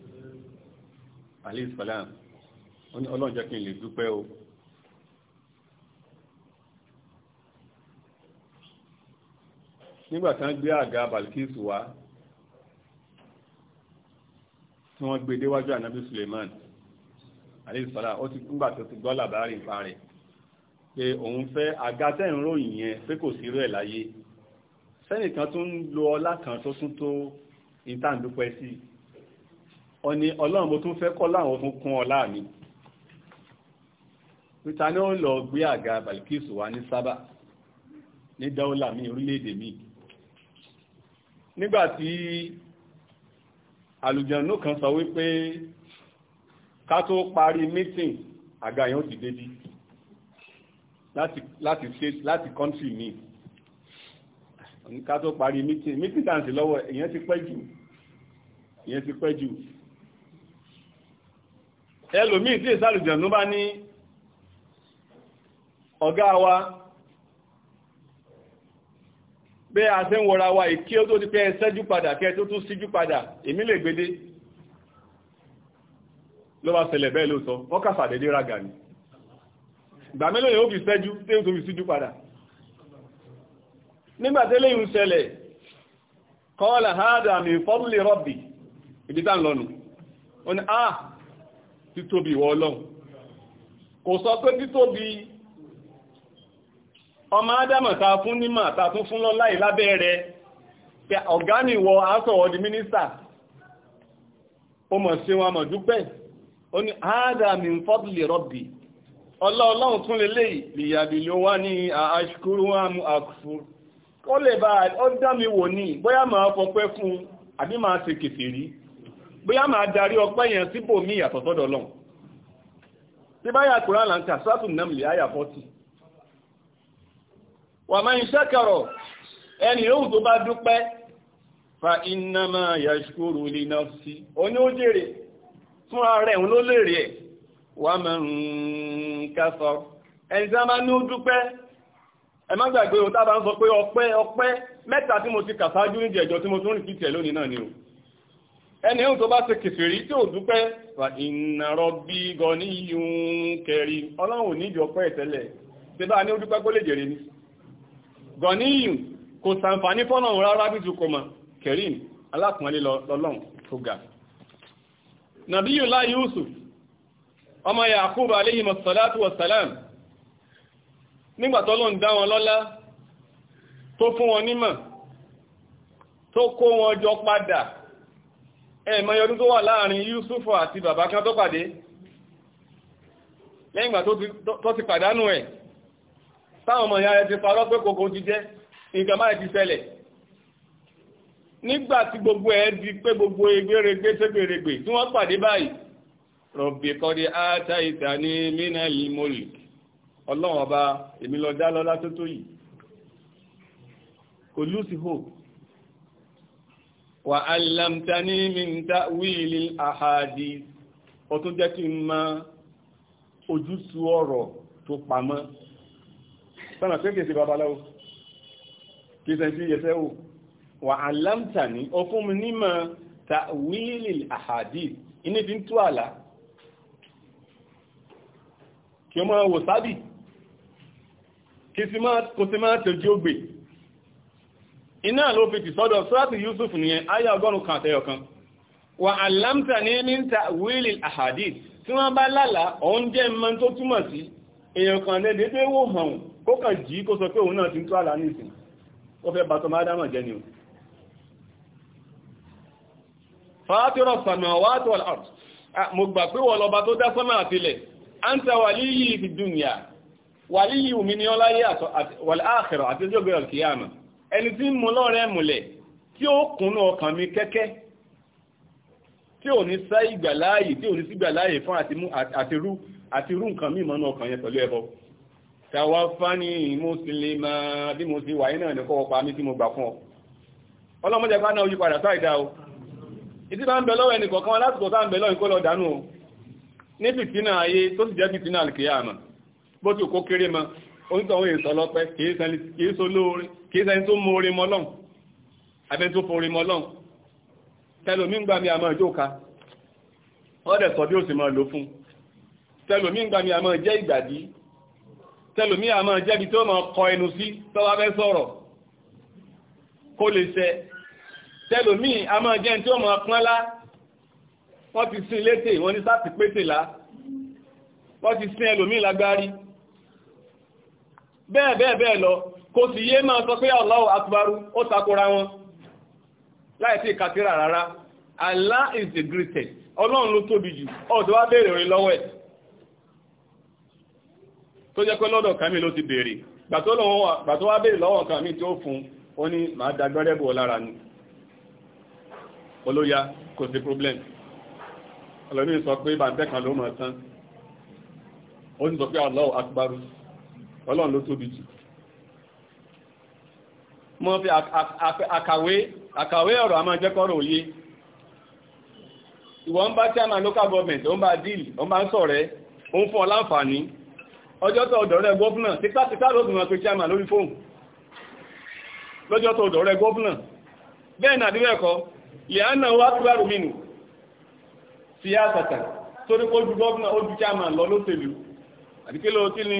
alayhi salam ó ní ọlọ́run jẹ́ kí n lè dúpẹ́ o nígbà tí wọ́n gbé àga Balkisu wá tí wọ́n gbé déwájú ànábì Suleiman alayhi salam ó ti nígbà tó ti gbọ́ làbárì ń parẹ́ pé òun fẹ́ àga tẹ́ẹ̀rún ròyìn yẹn pé kò sí rẹ̀ láyé sẹ́nìkan tún ń lo ọlá kan tó tún tó ìtàǹdúpẹ́ sí ọni ọlọ́run mo tún fẹ́ kọ́ láwọn tún kún ọlá mi pítà ní ó lọ gbé àga Balkisu wa ní Sábà ní dáúlà mi orílẹ̀-èdè mi nígbàtí àlùjànnú kan sọ wípé ká tó parí mítìn àga yẹn ó ti débi láti láti láti kọ́ńtì míì ká tó parí mítì mítì tàǹtì lọ́wọ́ ìyẹn ti pẹ́ jù ìyẹn ti pẹ́ jù ẹlòmíì tí ìsàlùjẹ̀nú bá ní ọ̀gá wa pé a ṣe ń wọra wa ìkí ó tó ti pẹ́ ṣẹ́jú padà kẹ́ tó tún síjú padà èmi lè gbédé ló bá ṣẹlẹ̀ bẹ́ẹ̀ lóòtọ́ wọ́n kàfà dédé ragà ní ìgbà mélòó yóò fi ṣẹ́jú tí ó tó fi síjú padà nígbà tẹ́lẹ̀ yìí ń ṣẹlẹ̀ kọ́ọ̀lá hádà mi fọ́bùlì rọ́bì ibi tá ń lọ́nu ó ní ah títóbi ìwọ ọlọ́run kò sọ pé títóbi ọmọ ádámọ̀ ta fún nímọ̀ ta tún fún lọ́lá ìlábẹ́ rẹ̀ pé ọ̀gá ni ìwọ asọ̀wọ̀ di mínísà ó mọ̀ sí wọn mọ̀ dúpẹ́ ó ní hádà mi fọ́bùlì rọ́bì ọlọ́ọ̀lọ́run tún lélẹ́yìí lìyàbì wá ní àṣkúrú wọn mú àkùfúrú kó lè bá ọ dá mi wò ní bóyá máa fọpẹ́ fún àbí máa ṣe kèfèrí bóyá máa darí ọpẹ́ yẹn síbò mí ìyàtọ̀ sọ́dọ̀ lọ́n tí báyà kùrán sátùn náà lè áyà 40 wà máa ń ṣẹ́kẹ̀rọ̀ ẹni yóò tó bá dúpẹ́ fa iná máa yàṣkúrò lè náà sí oní ó jèrè fún ààrẹ òun ló lèrè ẹ̀ wà máa ń kásọ ẹni tí a máa ní ó dúpẹ́ ẹ má gbàgbé o tábà ń sọ pé ọpẹ́ ọpẹ́ mẹ́ta tí mo ti kà sáájú ní ìjẹjọ tí mo tún rìn kí tẹ̀ lónìí náà ni o ẹni ohun tó bá ṣe kèfèrí tí ò dúpẹ́ wà ìnàrọ̀ gan ní yíyún kẹrin ọlọ́run ní ìjọ ọpẹ́ ìtẹ́lẹ̀ tí bá ní kó lè jèrè ni gan ní yíyún kò sàǹfààní fọ́nà òun rárá Yusuf ọmọ Yakub nígbàtọ́lọ́ ń dá wọn lọ́lá tó fún wọn nímọ̀ tó kó wọn jọ padà ẹ̀mọ̀ ọdún tó wà láàrin Yusufu àti bàbá kan tó pàdé lẹ́yìn ìgbà tó ti pàdánù ẹ̀ táwọn ọmọ ìyá rẹ̀ ti parọ́ pé kòkó ti jẹ́ nǹkan máa ti ṣẹlẹ̀ nígbà tí gbogbo ẹ̀ di pé gbogbo egbèrègbè ṣégbèrègbè tí wọ́n pàdé báyìí rọ̀bì kọ́dí átáìtà ní mínà ìmọ̀lìkì ọlọ́run ọba èmi lọ dá lọ́lá tó tó yìí kò lose hope wà allamtani min ta'wili ahadith ó tún jẹ́ kí n mọ ojútùú ọ̀rọ̀ tó pamọ́ sọ́nà pé kèsì babaláwo kèsì sí ẹsẹ́ wò wà allamtani ó fún mi nímọ̀ ta'wili ahadith inébi ń tú àlá kí ọmọ wò sábì kò sí máa tẹ̀jú ògbè iná ló fi ti sọ́dọ̀ sọ́rọ̀tì Yusuf nìyẹn ayá ọgọ́rùn kan àtẹyọ kan wà alámta ní níta wílì àhàdì tí wọ́n bá lálà òun jẹ́ mọ́ tó túmọ̀ sí èèyàn kan lẹ́dẹ́ pé wó hàn kó kàn jí kó sọ pé òun náà ti ń ah, tó àlà nísìn ó wàlíyí omi ní ọláyé àkẹrọ àti ojú ọgbẹ̀rẹ̀ kìíyàmà ẹni tí mo lọ́rẹ̀ múlẹ̀ tí ó kúnnú ọkàn mi kẹ́kẹ́ tí ò ní sá ìgbàláyè tí ò ní sí ìgbàláyè fún àtirú àtirú nǹkan mímọ̀ ní ọkàn yẹn pẹ̀lú ẹbọ tàwa fani mùsùlùmá bí mo ti wà náà nìkọ́ ọpa mi tí mo gbà fún ọ ọlọ́mọdé bá náà yí padà sáìdá o bó ti kó kéré mọ́ onítọ̀hún èso ọlọ́pẹ́ kìí so lóore kìí sẹ́ni tó mú orin mọ́lọ́n abẹ́ tó forin mọ́lọ́n tẹlomi gbà mí àmọ́ ìjóka ọ̀dẹ̀ sọ bí ó sì máa lò fún tẹlomi gbà mí àmọ́ jẹ́ ìgbàdí tẹlomi àmọ́ jẹ́bi tó máa kọ ẹnu sí tọ́wọ́ abẹ́ sọ̀rọ̀ kó lè ṣẹ tẹlomi àmọ́ jẹ́ tí ó máa pọ́nlá wọ́n ti sin létè wọ́n ní sáà ti pétè lá wọ́n ti sin ẹlòmí lágbárí bẹ́ẹ̀ bẹ́ẹ̀ bẹ́ẹ̀ lọ kò sì yé máa sọ pé Allahu akbaru ó takora wọn láì sí ìkàtírà rárá Allah is the greatest ọlọ́run ló tóbi jù ọ̀dọ́ wá béèrè orin lọ́wọ́ ẹ̀ tó jẹ́ pé lọ́dọ̀ kàmí ló ti béèrè gbàtọ́ wá béèrè lọ́wọ́ kàmí tí ó fún ó ní máa dagbẹ́rẹ́bù ọlára ni olóya kò sí problem ọlọ́mí sọ pé bàǹtẹ́ kan ló mọ̀ tán ó sì sọ pé Allahu akbaru ọlọ́run ló tóbi jù mo fi àkàwé àkàwé ọ̀rọ̀ àmọ́ jẹ́kọ́rọ̀ òye ìwọ ń chairman local government ó ń deal ó ń bá ń sọ̀rẹ́ ó ń fún ọ ọjọ́ tó ọ̀dọ̀ rẹ̀ gọ́ọ̀nà títàtítà ló dùnmọ̀ pé chairman lórí fóònù lọ́jọ́ tó ọ̀dọ̀ bẹ́ẹ̀ nà dúrẹ́ wá lọ lóṣèlú àdíkélò kí ni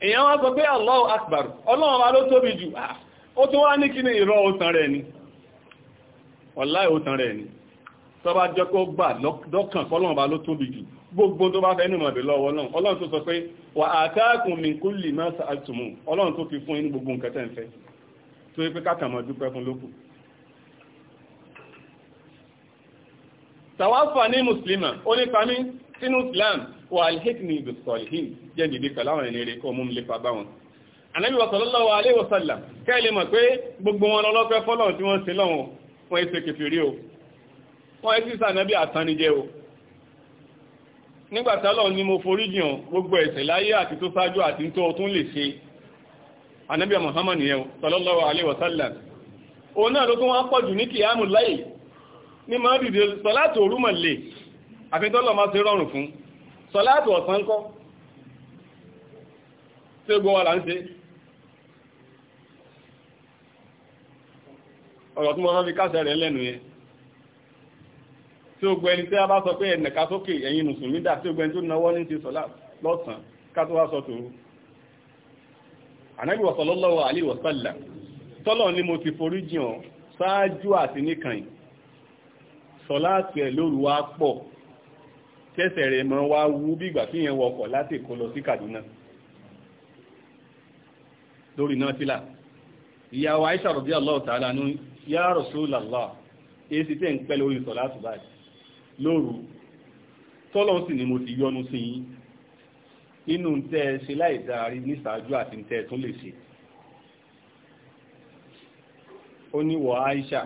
èyàn wá sọ pé Allahu Akbar ọlọ́run wa ló tóbi jù ah, ó tún wá ní kí ni ìrọ̀ òtàn rẹ̀ ni wàláì òtàn rẹ̀ ni tó bá jẹ́ kó gbà lọ́kàn kọ́lọ́run wa ló tóbi jù gbogbo tó bá fẹ́ nínú ọ̀bẹ̀ lọ́wọ́ ọlọ́run ọlọ́run tó sọ pé wà ataakum min kulli ma sa'altum ọlọ́run tó fi ní mùsùlùmí Islam wà alhikni bis salihin jẹ́ dìde pẹ̀lú àwọn ẹni rẹ̀ kó mú lépa bá wọn Ànábì sallallahu alaihi wasallam kẹ́lẹ̀ mọ̀ pé gbogbo wọn lọ́lọ́pẹ́ fọ́lọ́run tí wọ́n ṣe lọ́wọ́ wọ́n ẹsẹ̀ kèfèrí o wọ́n ẹsẹ̀ sànábì àtànijẹ́ o nígbàtí Ọlọ́run ni mo foríjì hàn gbogbo ẹ̀ṣẹ̀ láyé àti tó ṣáájú àti tó tún lè ṣe Ànábì Muhammad yẹn sallallahu alaihi òun náà ló tún wá pọ̀jù ní kìyàmù láyé ní máa dìde sọlátò tí ó gbọ́wà là ń ṣe ọ̀rọ̀ tí wọ́n fi káṣẹ rẹ̀ lẹ́nu yẹn tí ó gbọ́ tí a bá sọ pé ẹnìká sókè ẹ̀yin mùsùlùmí dà tí ó gbọ́ ẹni tó náwọ́ ní ti sọ lọ́sàn ká tó wá sọ tòru ànábì sallallahu alaihi wasallam tọ́lọ̀ ni mo ti forí jìn ṣáájú àti níkànnì sọ̀láàtì ẹ̀ lóru wá pọ̀ tẹ́sẹ̀ rẹ̀ mọ́ wá wú bí ìgbà fíyẹn wọkọ̀ láti Èkó lọ sí Kàdúnà lórí náfílà ìyàwó Aisha radiyallahu ta'ala ní ya Rasulallah èsì tẹ́ ń pẹ́ lórí sọ̀látù báyìí lóru tọ́lọ́n sì ni mo ti yọnu sí yín inú ń tẹ́ ṣe láìdáàrí níṣáájú àti ń tẹ́ tún lè ṣe ó ní wọ Aisha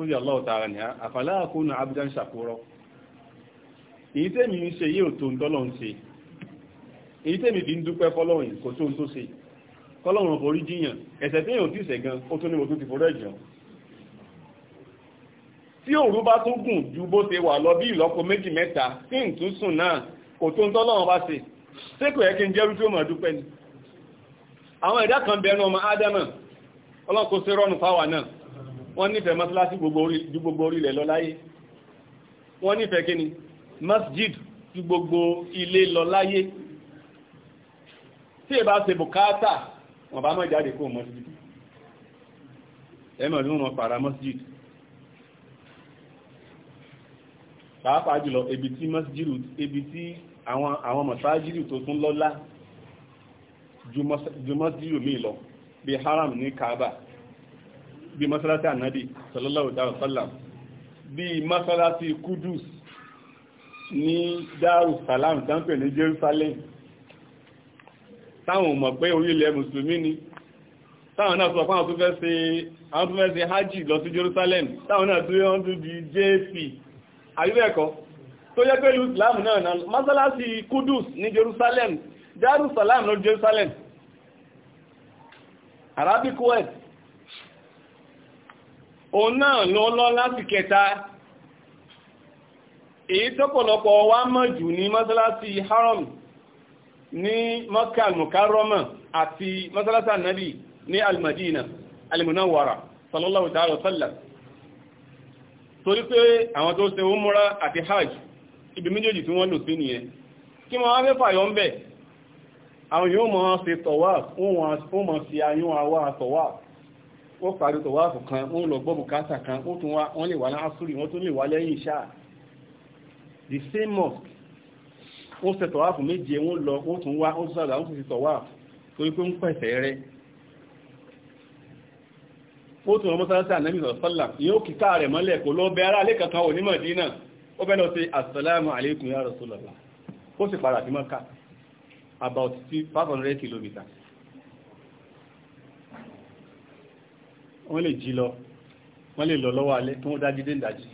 radiyallahu ta'ala ní àfàlà akunu abdan shakura èyí tẹ́mi ń fi ń dúpẹ́ fọ́lọ́run kò tó ń tó ṣe kọ́lọ́run forí jiyàn ẹ̀ṣẹ̀ tí èèyàn ti ṣẹ̀ gan ó tún ní mo tún ti forí ẹ̀jẹ̀ tí òru bá tún gùn ju bó ṣe wà lọ bí ìlọ́po méjì mẹ́ta tí ń tún sùn náà kò tó ń tọ́lọ́run bá ṣe ṣé kò yẹ kí n jẹ́rú tí ó mọ̀ dúpẹ́ ni àwọn ẹ̀dá kan bẹnu ọmọ ádámà ọlọ́kọ̀ sí rọ́nù fáwà náà wọ́n nífẹ̀ẹ́ mọ́sálásí ju gbogbo orílẹ̀ lọ láyé wọ́n nífẹ̀ẹ́ kí ni masjid ju gbogbo ilé lọ láyé tí ẹ bá ṣe bùkátà wọ́n bá mọ́ jáde kó mọ́síjìdì ẹmọ̀ ní wọ́n pàrà mọ́síjìdì pàápàá jùlọ ebi tí mọ́síjìdì ebi tí àwọn mọ̀sájìdì tó tún lọ́lá ju mọ́síjìdì mi lọ bí haram ní kaaba bí mọ́sálásí ànábì sallallahu alaihi wasallam bí mọ́sálásí kudus ní Darussalam tánpẹ̀ ní Jerusalem táwọn mọ̀ pé orílẹ̀ mùsùlùmí ni táwọn náà sọ fún àwọn tó fẹ́ ṣe àwọn tó fẹ́ ṣe hajji lọ sí Jerusalem táwọn náà tó yọ́n tó di jp àríwẹ̀ẹ́kọ́ tó yẹ pé Islam náà náà mọ́sálásí Kudus ní Jerusalem Jerusalem ló Jerusalem Arabic west òun náà lọ lọ láti kẹta èyí tọ́pọ̀lọpọ̀ wá mọ̀ jù ní mọ́sálásí Haram ní mọ́kà almukarrama àti mọ́sálásí nabi ní almadina almunawwara sallallahu ta'ala wa sallam torí pé àwọn tó ṣe umura àti hajj ibi méjèèjì tí wọ́n lò sí nìyẹn kí wọ́n wá fẹ́ fàyọ́ ń bẹ̀ àwọn yóò máa ṣe tawaf wọ́n máa ṣe ayún àwọ́ tawaf wọ́n parí tawaf kan wọ́n lọ gbọ́ bùkátà kan wọ́n lè wà ní asúrì wọ́n tún lè wà lẹ́yìn ṣáà the same mosque ó ṣe tọ̀wáàfù méje wọ́n lọ wọ́n tún wá wọ́n tún sàdà wọ́n ti tọ̀wáàfù torí pé ń pẹ̀sẹ̀ rẹ ó tún ọmọ sára sí ànábì sọ̀sọ́là yóò kíká rẹ̀ mọ́lẹ̀ kò lọ bẹ ara alẹ́ kankan ò ní Mádínà ó bẹ́ lọ sí assalamu alaikum ya about 500 km wọ́n lè jí lọ wọ́n lè lọ lọ́wọ́ alẹ́ tí wọ́n dájí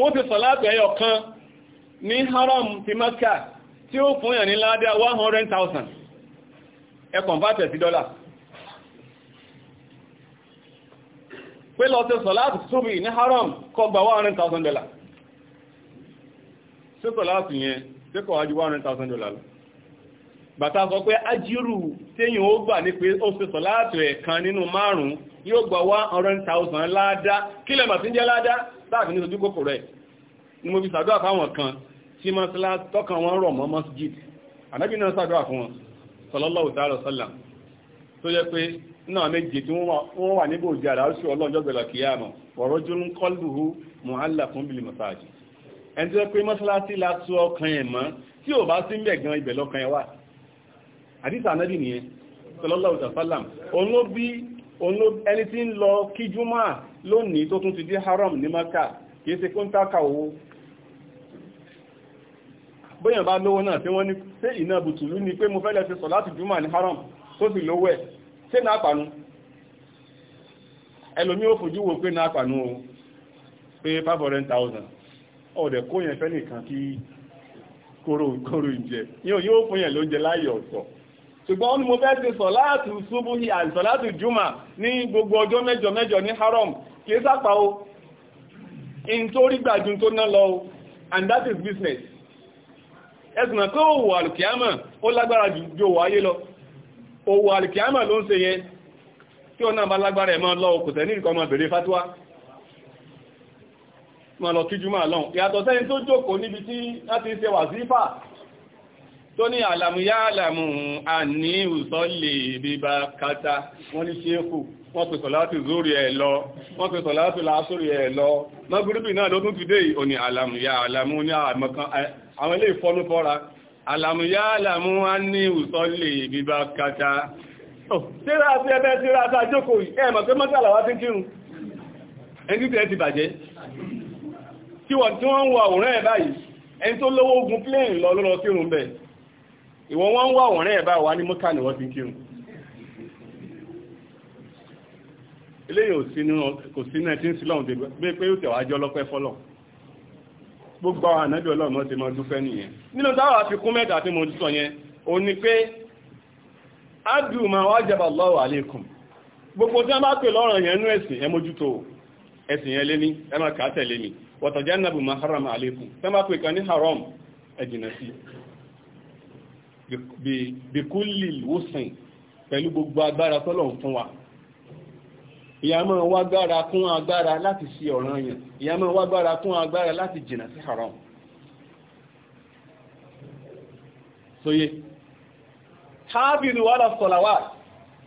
wọ́n ti sọ̀látù ẹyọ kan ní haram ti maka tí ó fún yàn ní ládá 100,000 ẹ kọ̀nfàtẹ̀ sí dọ́là pé lọ sí sọ̀látù súbì ní haram kó gba 100,000 dọ́là sí sọ̀látù yẹn tí kọ̀ wájú 100,000 dọ́là lọ bàtà sọ pé ajírù téyìn ó gbà ní pé ó sì sọ̀látù ẹ̀kan nínú márùn-ún yóò gba 100,000 ládá kílẹ̀ màtí jẹ́ ládá táàfin ní ojú kòkòrò ẹ̀ ni mo fi sàdúrà fáwọn kan tí mọ́sílá tọ́kàn wọn rọ̀ mọ́ mọ́síjì ànábì náà sàdúrà fún wọn sallallahu ta'ala sallam tó yẹ pé náà méje tí wọ́n wà níbò jẹ́ àrà oṣù ọlọ́njọ́gbẹ̀lọ̀ kìyàmọ̀ wọ̀rọ̀ jù ń kọlùhù mọ̀hálà fún bìlì mọ̀sáàjì ẹni tó yẹ pé mọ́sálásí la sọ ọkàn ẹ̀ mọ́ tí ò bá sí ń bẹ̀ gan ibẹ̀ lọ́kàn ẹ̀ wà àdìsá anábì nìyẹn sallallahu ta'ala sallam òun ló bí ẹni tí ń lọ kíjúmọ́ lónìí tó tún ti dé haram ní maka kìí ṣe kún tákà owó bóyàn bá lówó náà tí wọ́n ní pé iná bùtùlú ni pé mo fẹ́lẹ̀ lẹ́sẹ̀ sọ láti jùmọ̀ ní haram tó sì lówó ẹ̀ ṣé náà pànú ẹlòmí ó fojú wo pé náà pànú o pé 500,000 ọ̀dẹ̀ kó yẹn fẹ́ nìkan kí kóró ìjẹ yóò fún ṣùgbọ́n mo fẹ́ ṣe sọ̀láàtù ṣubúhì àti sọ̀láàtù jùmà ní gbogbo ọjọ́ mẹ́jọ mẹ́jọ ní haram kìí sápa o in tó rí gbàjú tó ná lọ and that is business ẹ̀sùn àkọ́ òwò alùkìámà ó lágbára ju òwò ayé lọ òwò alùkìámà ló ń ṣe yẹ tí ó náà bá lágbára ẹ̀ máa lọ kò tẹ́ ní nǹkan ọmọ bèrè fatuwa máa lọ kí jùmà lọ yàtọ̀ sẹ́yìn tó jókòó níbi tí láti ṣe wàzífà tó ní àlàmúyá àlàmù àní ìsọ́lè bíbá kátá wọ́n ní ṣéèkù wọ́n pè sọ̀látù zórí ẹ̀ lọ wọ́n pè sọ̀látù lásórí ẹ̀ lọ mọ́gbìrìbì náà ló tún ti dé òní àlàmúyá àlàmù ní àwọn ilé ìfọ́nú fọ́ra àlàmúyá àlàmù àní ìsọ́lè bíbá kátá tíra sí ẹbẹ́ tíra sí àjókò ẹ̀mọ̀ pé mọ́sàlá wá tí kírun ẹni tí ẹ ti bàjẹ́ tí tó lówó ogun plane lọ lọ́lọ́ kírun bẹ́ẹ̀ ìwọ̀n wọ́n ń wá ọ̀rẹ́ ẹ̀ ní mọ́kà ni wọ́n ti kírun eléyìí kò sí náà tí ń gbé pé ó jọ lọ́pẹ́ fọ́lọ̀ gbogbo àwọn ànájọ ọlọ́run ti máa dúpẹ́ nìyẹn nínú táwọn àfikún mẹ́ta tí mo sọ yẹn ò ní pé gbogbo tí wọ́n bá pè lọ́rọ̀ yẹn nú ẹ̀sìn ẹ mójútó ẹ̀sìn yẹn léní ẹ máa kà á tẹ̀lé haram bíkúlì wòsàn pẹ̀lú gbogbo agbára tọ́lọ̀ fún wa ìyá máa wá gbára kún agbára láti ṣe ọ̀ranyàn ìyá máa wá gbára kún agbára láti jìnà sí haram sóyé tábìlì wà lọ sọ̀làwà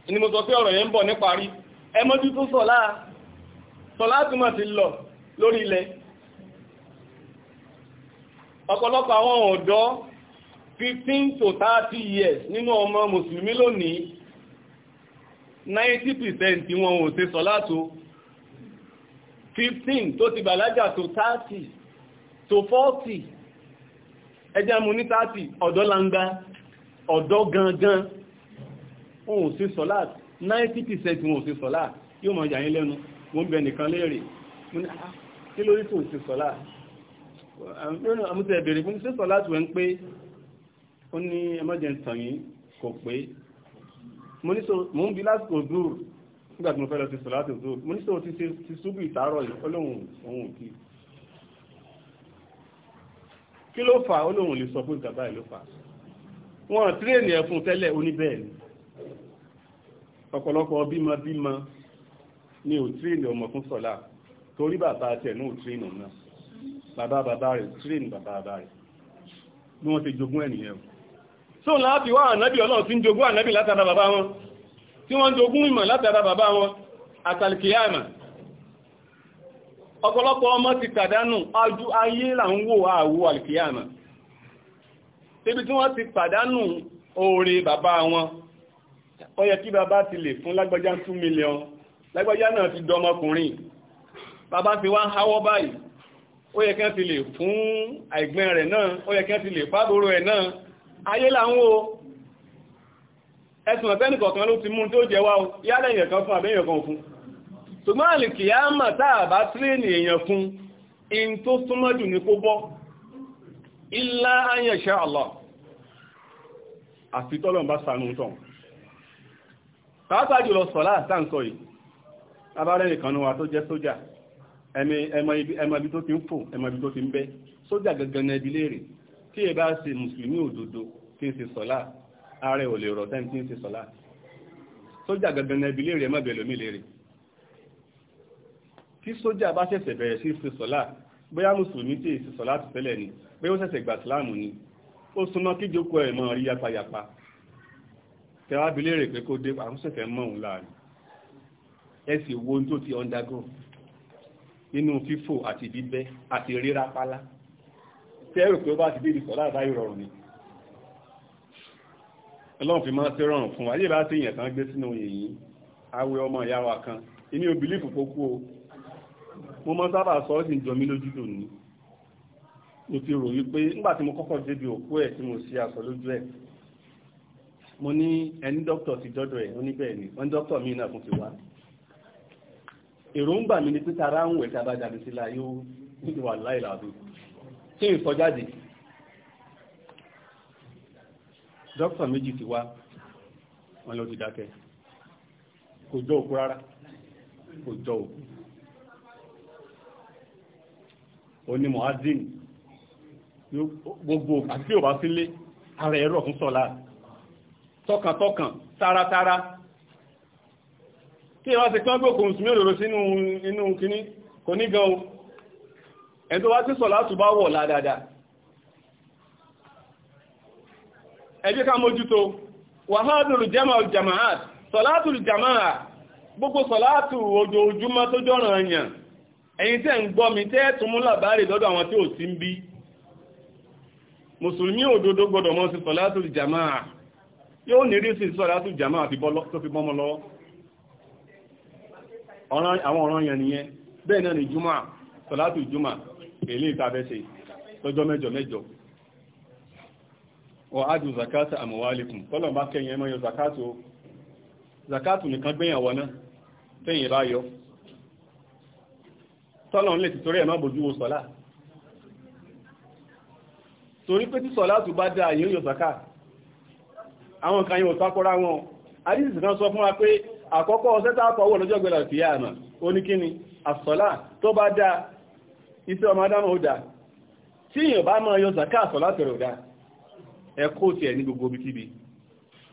ni mo sọ pé ọ̀rọ̀ yẹn ń bọ̀ níparí ẹ mọ́jú tó sọ̀lá sọ̀lá tí mo ti lọ lórí ilẹ̀ ọ̀pọ̀lọpọ̀ àwọn ọ̀dọ́ fifteen to thirty years nínú ọmọ mùsùlùmí lónìí ninety percent wọn ò ṣe sọ́látò fifteen tó ti bàlágà tó thirty to forty ẹjẹ́ mu ní thirty ọ̀dọ́ langa ọ̀dọ́ gangan wọn ò ṣe sọ́látò ninety percent wọn ò ṣe sọ́látò yóò mọ̀ yàyín lẹ́nu wọ́n bẹ nìkan léèrè mo ní ah, kí lórí tó ṣe sọ́látò àmúṣe ẹ̀bẹ̀rẹ̀ fún ó ní emergency yìí kò pé mo ní so mo ń bi lásìkò zuru nígbà tí mo fẹ́ lọ sí sọ̀láàtì zuru mo ní so ti ṣe ti ṣubú ìtàárọ̀ yìí olóhùn òun òkì kí ló fà olóhùn lè sọ fún ìgbàgbá yìí ló fà wọn tírèènì ẹ̀fún tẹ́lẹ̀ oníbẹ̀ẹ́ni ọ̀pọ̀lọpọ̀ bímọ bímọ ni ò tírèènì ọmọ fún sọ̀lá torí bàbá àti ẹ̀nú ò tírèènì ọ̀nà bàbá bàbá rẹ̀ tírèènì bàbá bàbá rẹ̀ bí wọ́n ti jogún ènìyàn tó ń láàfi wá ànábì ọlọ́run tí ń jogún ànábì látara bàbá wọn tí wọ́n jogún ìmọ̀ látara bàbá wọn àtàlìkìyàmà ọ̀pọ̀lọpọ̀ ọmọ ti pàdánù ajú ayé là ń wò àwò àlìkìyàmà tẹ́bí tí wọ́n ti pàdánù oore bàbá wọn ó kí bàbá ti lè fún lágbàjá 2 million lágbàjá náà ti dọmọkùnrin bàbá ti wá ń háwọ́ báyìí ó yẹ kí wọ́n ti lè fún àìgbẹ́ rẹ̀ náà ó yẹ kí wọ́n ti lè fábòrò ẹ̀ náà ayé láwọn o ẹ̀sùn ọ̀fẹ́ nìkọ̀kan ló ti mú tó jẹ wá o yálẹ̀ èèyàn kan fún àbẹ́yàn kan fún ṣùgbọ́n àlìkì á mà táà bá tírínì èèyàn fún in tó súnmọ́ jù ní kó bọ́ ilá ayẹ̀ṣẹ́ àlọ́ àfi tọ́lọ̀ bá sanú tán pàápàá jùlọ sọ̀lá àtàǹsọ yìí abárẹ́ nìkan wa tó jẹ́ sójà ẹmọ ibi tó ti ń fò ẹmọ ibi tó ti ń bẹ́ sójà gangan ẹbí léèrè tí ẹ bá ṣe mùsùlùmí òdodo tí ń ṣe sọ́lá ààrẹ ò lè rọ̀ tẹ́ni tí ń ṣe sọ́lá sójà gangan ẹbí léèrè ẹ má bẹ̀rẹ̀ lómi léèrè tí sójà bá ṣẹ̀ṣẹ̀ bẹ̀rẹ̀ sí ṣe sọ́lá bóyá mùsùlùmí tí èsì sọ́lá ti tẹ́lẹ̀ ni bóyá ó ṣẹ̀ṣẹ̀ gbà síláàmù ni ó súnmọ́ kí jókòó ẹ̀ mọ́ rí yapayapa tẹ́wàá bi léèrè pé kó dé àwọn ṣẹ̀ṣẹ̀ mọ́ òun láàrin ẹ sì wo ohun tó ti undergo nínú fífò àti bíbẹ́ àti rírá tẹ́rù pé ó bá ti bíbi sọ́lá àbáyé rọrùn ni ọlọ́run fi máa ń fún ayé bá ti yàn tán gbé sínú ọmọ ìyá wa kan inú obìlífù kó kú o mo máa ń sábà sọ ọ́ sì ń mo ti tí mo kọ́kọ́ débi òkú ẹ̀ tí mo ṣe aṣọ lójú ẹ̀ mo ní ẹni ti dọ́dọ̀ ẹ̀ ó ni wọ́n mi náà fún ti wá èròǹgbà mi ni pé tara ń wẹ̀ tí tí ń sọ jáde dókítà méjì ti wá wọn lọ ti dákẹ́ kò jọ òkú rárá kò jọ òkú onímọ̀ adín gbogbo àti ò bá sílé ara ẹ̀rọ fún sọ́lá tọkàntọkàn tààràtààrà tí ìwá ti kán gbókùn sí mẹ́rọ̀rọ̀ sínú inú kìíní kò ní gan-an ẹni tó wá sí sọ̀látù bá wọ̀ ládádá ẹ jẹ́ ká mójútó wàhádùrù jama'a jama'a sọ̀látù jama'a gbogbo sọ̀látù ojoojúmọ́ tó jọ́ràn ẹ̀yàn ẹ̀yin tẹ́ ń gbọ́ mi tẹ́ tún mú làbárì lọ́dọ̀ àwọn tí ò sí ń bí mùsùlùmí òdodo gbọdọ̀ mọ́ sí sọ̀látù jama'a yóò nírí sí sọ̀látù jama'a tó fi bọ́mọ lọ́wọ́ àwọn ọ̀ràn yẹn nìyẹn bẹ́ẹ̀ náà ni jùmọ̀ sọ̀látù jùmọ̀ ilé ìtafẹ́ṣe lọ́jọ́ mẹ́jọ mẹ́jọ wọ́n á jù zakata àmúwálìkùn tọ́lọ̀ bá kẹyìn ẹmọ́ yọ zakatu zakatu nìkan gbẹ̀yàn wọ́ná tẹ́yìn bá yọ tọ́lọ̀ ń lè ti torí ẹ̀mọ́ bójú wo sọ́lá torí pé tí sọ́lá tó bá dá àyè yọ zakat àwọn kan yóò sápọ́ra wọn àdísì kan sọ fún wa pé àkọ́kọ́ ọ̀sẹ́ta àpọ̀ iṣẹ́ ọmọ adámọ̀ ó dá tí èyàn bá máa yọ zaka àsọ̀ látẹ̀rẹ̀ ọ̀dá ẹ̀kọ́ ti ẹ̀ ní gbogbo ibikíbi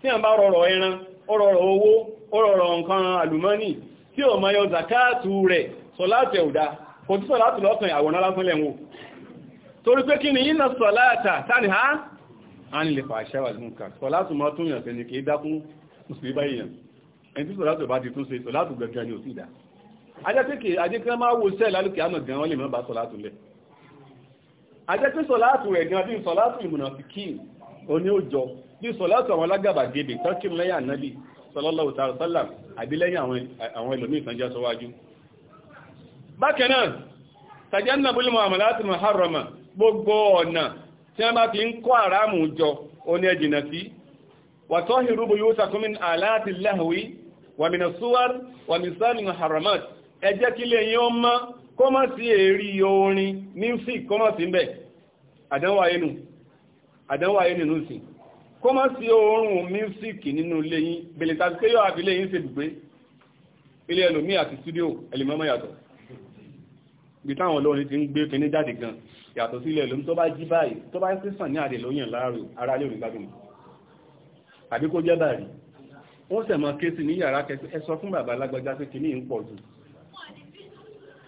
tí èyàn bá rọrọ̀ ẹran ọrọ̀rọ̀ owó ọrọ̀rọ̀ nǹkan àlùmọ́nì tí ò máa yọ zaka àtù rẹ̀ sọ látẹ̀ ọ̀dá kò tí sọ látù lọ́kàn àwọ̀n aláfúnlẹ̀ wò torí pé kí ni iná sọ láàtà tani ha a ń lè fà àṣẹ wà lóǹkà sọ látù máa tún yàn sẹ́ni kì í dákún mùsùlùmí báyìí yàn ẹni tí sọ látù bá ti tún ṣe sọ látù gẹ̀gẹ̀ ni ò sí ìdá ajẹ́pẹ́kì ajẹ́kẹ́ máa wo sẹ́ẹ̀ lálùkì àmọ̀ gan wọ́n lè mọ́ bá sọ́látù lẹ̀ ajẹ́pẹ́ sọ́látù rẹ̀ gan bí sọ́látù ìmùnà fi kí oní òjò bí sọ́látù àwọn alágàbàgebè tọ́kì lẹ́yìn ànábì sallallahu ta'ala sallam àbí lẹ́yìn àwọn ẹlòmí ìtànjẹ́ sọwájú bákan náà tajannabul mu'amalat muharrama gbogbo ọ̀nà tí wọ́n bá fi ń kọ́ àrámù jọ oní ẹjìnà ẹ jẹ́ kí lè yín ó mọ́ kó mọ́ sí èrí orin music kó mọ́ sí ń bẹ̀ àdánwò ayé nù àdánwò ayé nínú sí kó mọ́ sí oorun music nínú ilé yín tàbí pé yóò àfi ilé yín ṣe ilé ẹlòmí àti studio ẹlòmọ́mọ́ yàtọ̀ bí táwọn olórin ti ń gbé kíní jáde gan yàtọ̀ sí ilé ẹlòmí tó bá jí báyìí tó bá sí sàn ní àdè lóyìn láàrù ara lè rí gbádùn àbí kó jẹ́ báyìí wọ́n sẹ̀ mọ́ ké ní yàrá kẹsí ẹ sọ fún bàbá alágbájá pé kíní ń pọ̀ jù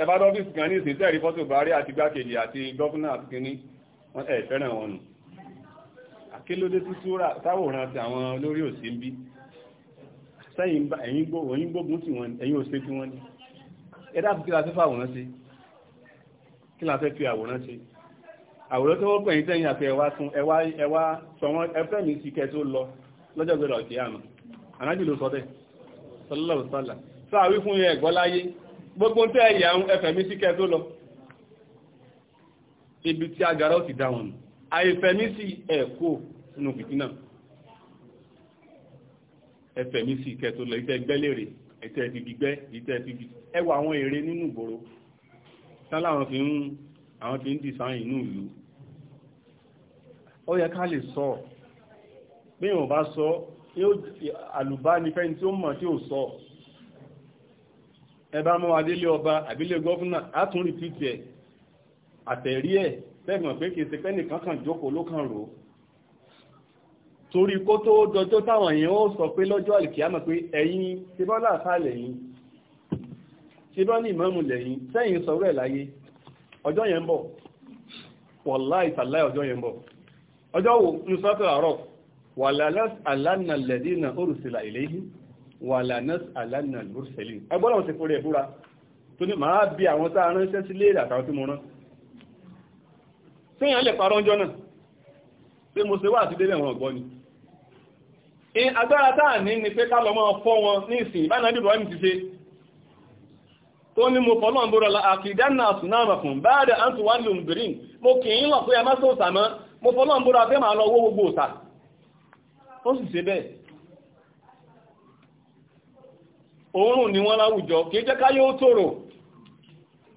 ẹbá dọ́fíìsì kan ní ìsìn tẹ́rí fọ́tò Buhari àti gbákejì àti gọ́fúnà àti kìíní wọ́n ẹ̀ fẹ́ràn wọn nù akílódé tí súra táwòrán àti àwọn olórí òsì ń bí sẹ́yìn ẹ̀yìn gbógun tí wọ́n ẹ̀yìn òsè tí wọ́n ní ẹ̀dá kí la fẹ́ fàwòrán sí kí la fẹ́ fi àwòrán sí àwòrán tó wọ́pọ̀ ẹ̀yìn tẹ́yìn àfẹ́ ẹwà tún ẹwà sọwọ́n ẹfẹ́ mi sí kẹ tó lọ lọ́jọ́ gbẹ̀rọ̀ ọ̀kẹ́ àmà anájì ló sọ bẹ́ẹ̀ sọlọ́lọ́ gbogbo tẹ́ ẹ̀yà ẹfẹ̀mí sí kẹ́ tó lọ ibi tí agara ó ti dáhùn àìfẹ̀mí sí ẹ̀kọ́ nínú fìtínà ẹfẹ̀mí sí kẹ́ tó lọ ìtẹ́ gbẹ́lẹ̀rẹ̀ ìtẹ́ ti gbígbẹ́ ìtẹ́ ti gbí ẹwà àwọn èrè nínú ìgboro sálà àwọn fi ń àwọn fi ń dìsáyìn inú ìlú ó yẹ ká lè sọ bí wọn bá sọ àlùbá ni fẹ́ni tí ó mọ̀ tí ò sọ ẹbá mọ́ adélé ọba àbílé gọ́fúnà átún rìpítì ẹ̀ àtẹ̀rí ẹ̀ tẹ́gbọ̀n pé kìí ṣe pé nìkan kan jókòó ló kàn rò torí kó tó dọjọ́ táwọn èèyàn ó sọ pé lọ́jọ́ àlìkíyàmọ̀ pé ẹ̀yin ṣe bọ́ láàfà lẹ́yìn ìmọ̀mù lẹ́yìn sẹ́yìn sọ̀rọ̀ ẹ̀ láyé ọjọ́ yẹn ń bọ̀ wàláì tàláì ọjọ́ yẹn ń bọ̀ ọjọ́ wo nusọ́tọ̀ àárọ̀ wàlálẹ́ àlánà lẹ́dínà orùsìlà ìléyìn wàlànà àlànà lórúsẹ̀lẹ̀ agbọ́nà ti fún rẹ̀ búra tó ní máa bí àwọn tá a ránṣẹ́ sí léèrè àtàwọn tí mo rán síyàn lè parọ́ ọjọ́ náà pé mo ṣe wà àti délẹ̀ wọn ọ̀gbọ́n ni in agbára táà ní ni pé ká lọ máa fọ́ wọn ní ìsìn ìbáná dìbò ẹ̀mí ti ṣe tó ní mo fọ́ náà búra àkìdánà àsùnáàmà fún báàdà àǹtù wà ní òórùn ni wọ́n láwùjọ kìí jẹ́ ká yóò tòrò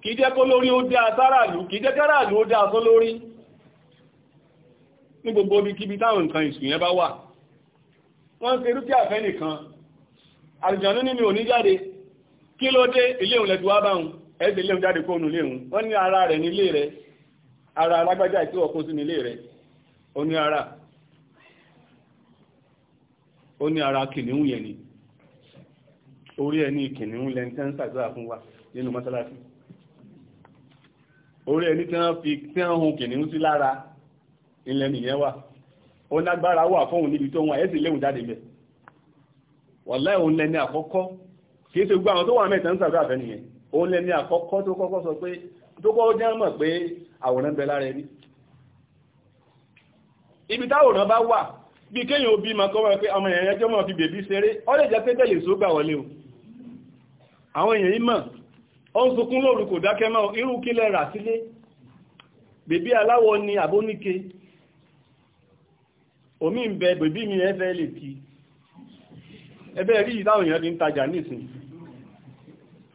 kìí jẹ́ kó lórí ó dáa sáràlú kìí jẹ́ káràlú ó dáa só lórí gbogbo ibi kíbi táwọn nǹkan ìsìn yẹn bá wà wọ́n ṣe rúkí àfẹ́ nìkan àrùjànú ní mi kí ló dé ilé òun lẹ́tù wá báhùn jáde kó òun léhun wọ́n ní ara rẹ̀ nílé rẹ̀ ara alágbájá ó ní ara kìnìún yẹn ni orí ẹni kìnnìún lẹni tẹ́ ń ṣàdúrà fún wa nínú mọ́sálásí orí ẹni tí wọ́n fi tí wọ́n hun kìnnìún sí lára ilẹ̀ nìyẹn wà ó lágbára wà fóun níbi tó wọn ẹ̀ sì léhùn jáde bẹ̀ wọ̀lá òun lẹni àkọ́kọ́ kìí ṣe gbogbo àwọn tó wà mẹ́ta ń ṣàdúrà fẹ́ nìyẹn òun lẹni àkọ́kọ́ tó kọ́kọ́ sọ pé tó kọ́ jẹ́ mọ̀ pé bí kéèyàn òbí mọ̀ kọ́ pé ọmọ ẹ̀yẹn jọ́mọ̀ fi bèbí ṣeré ó lè jẹ́ pé tẹ̀lé sógbà wọlé o àwọn èèyàn yìí mọ̀ ó ń sunkún lóru kò dákẹ́ mọ́ irú kí rà sílé bèbí aláwọ̀ ni àbóníke omi ń bẹ bèbí mi ẹfẹ́ lè kí ẹbẹ́ rí ìdáwọn èèyàn ti ń tajà nísìn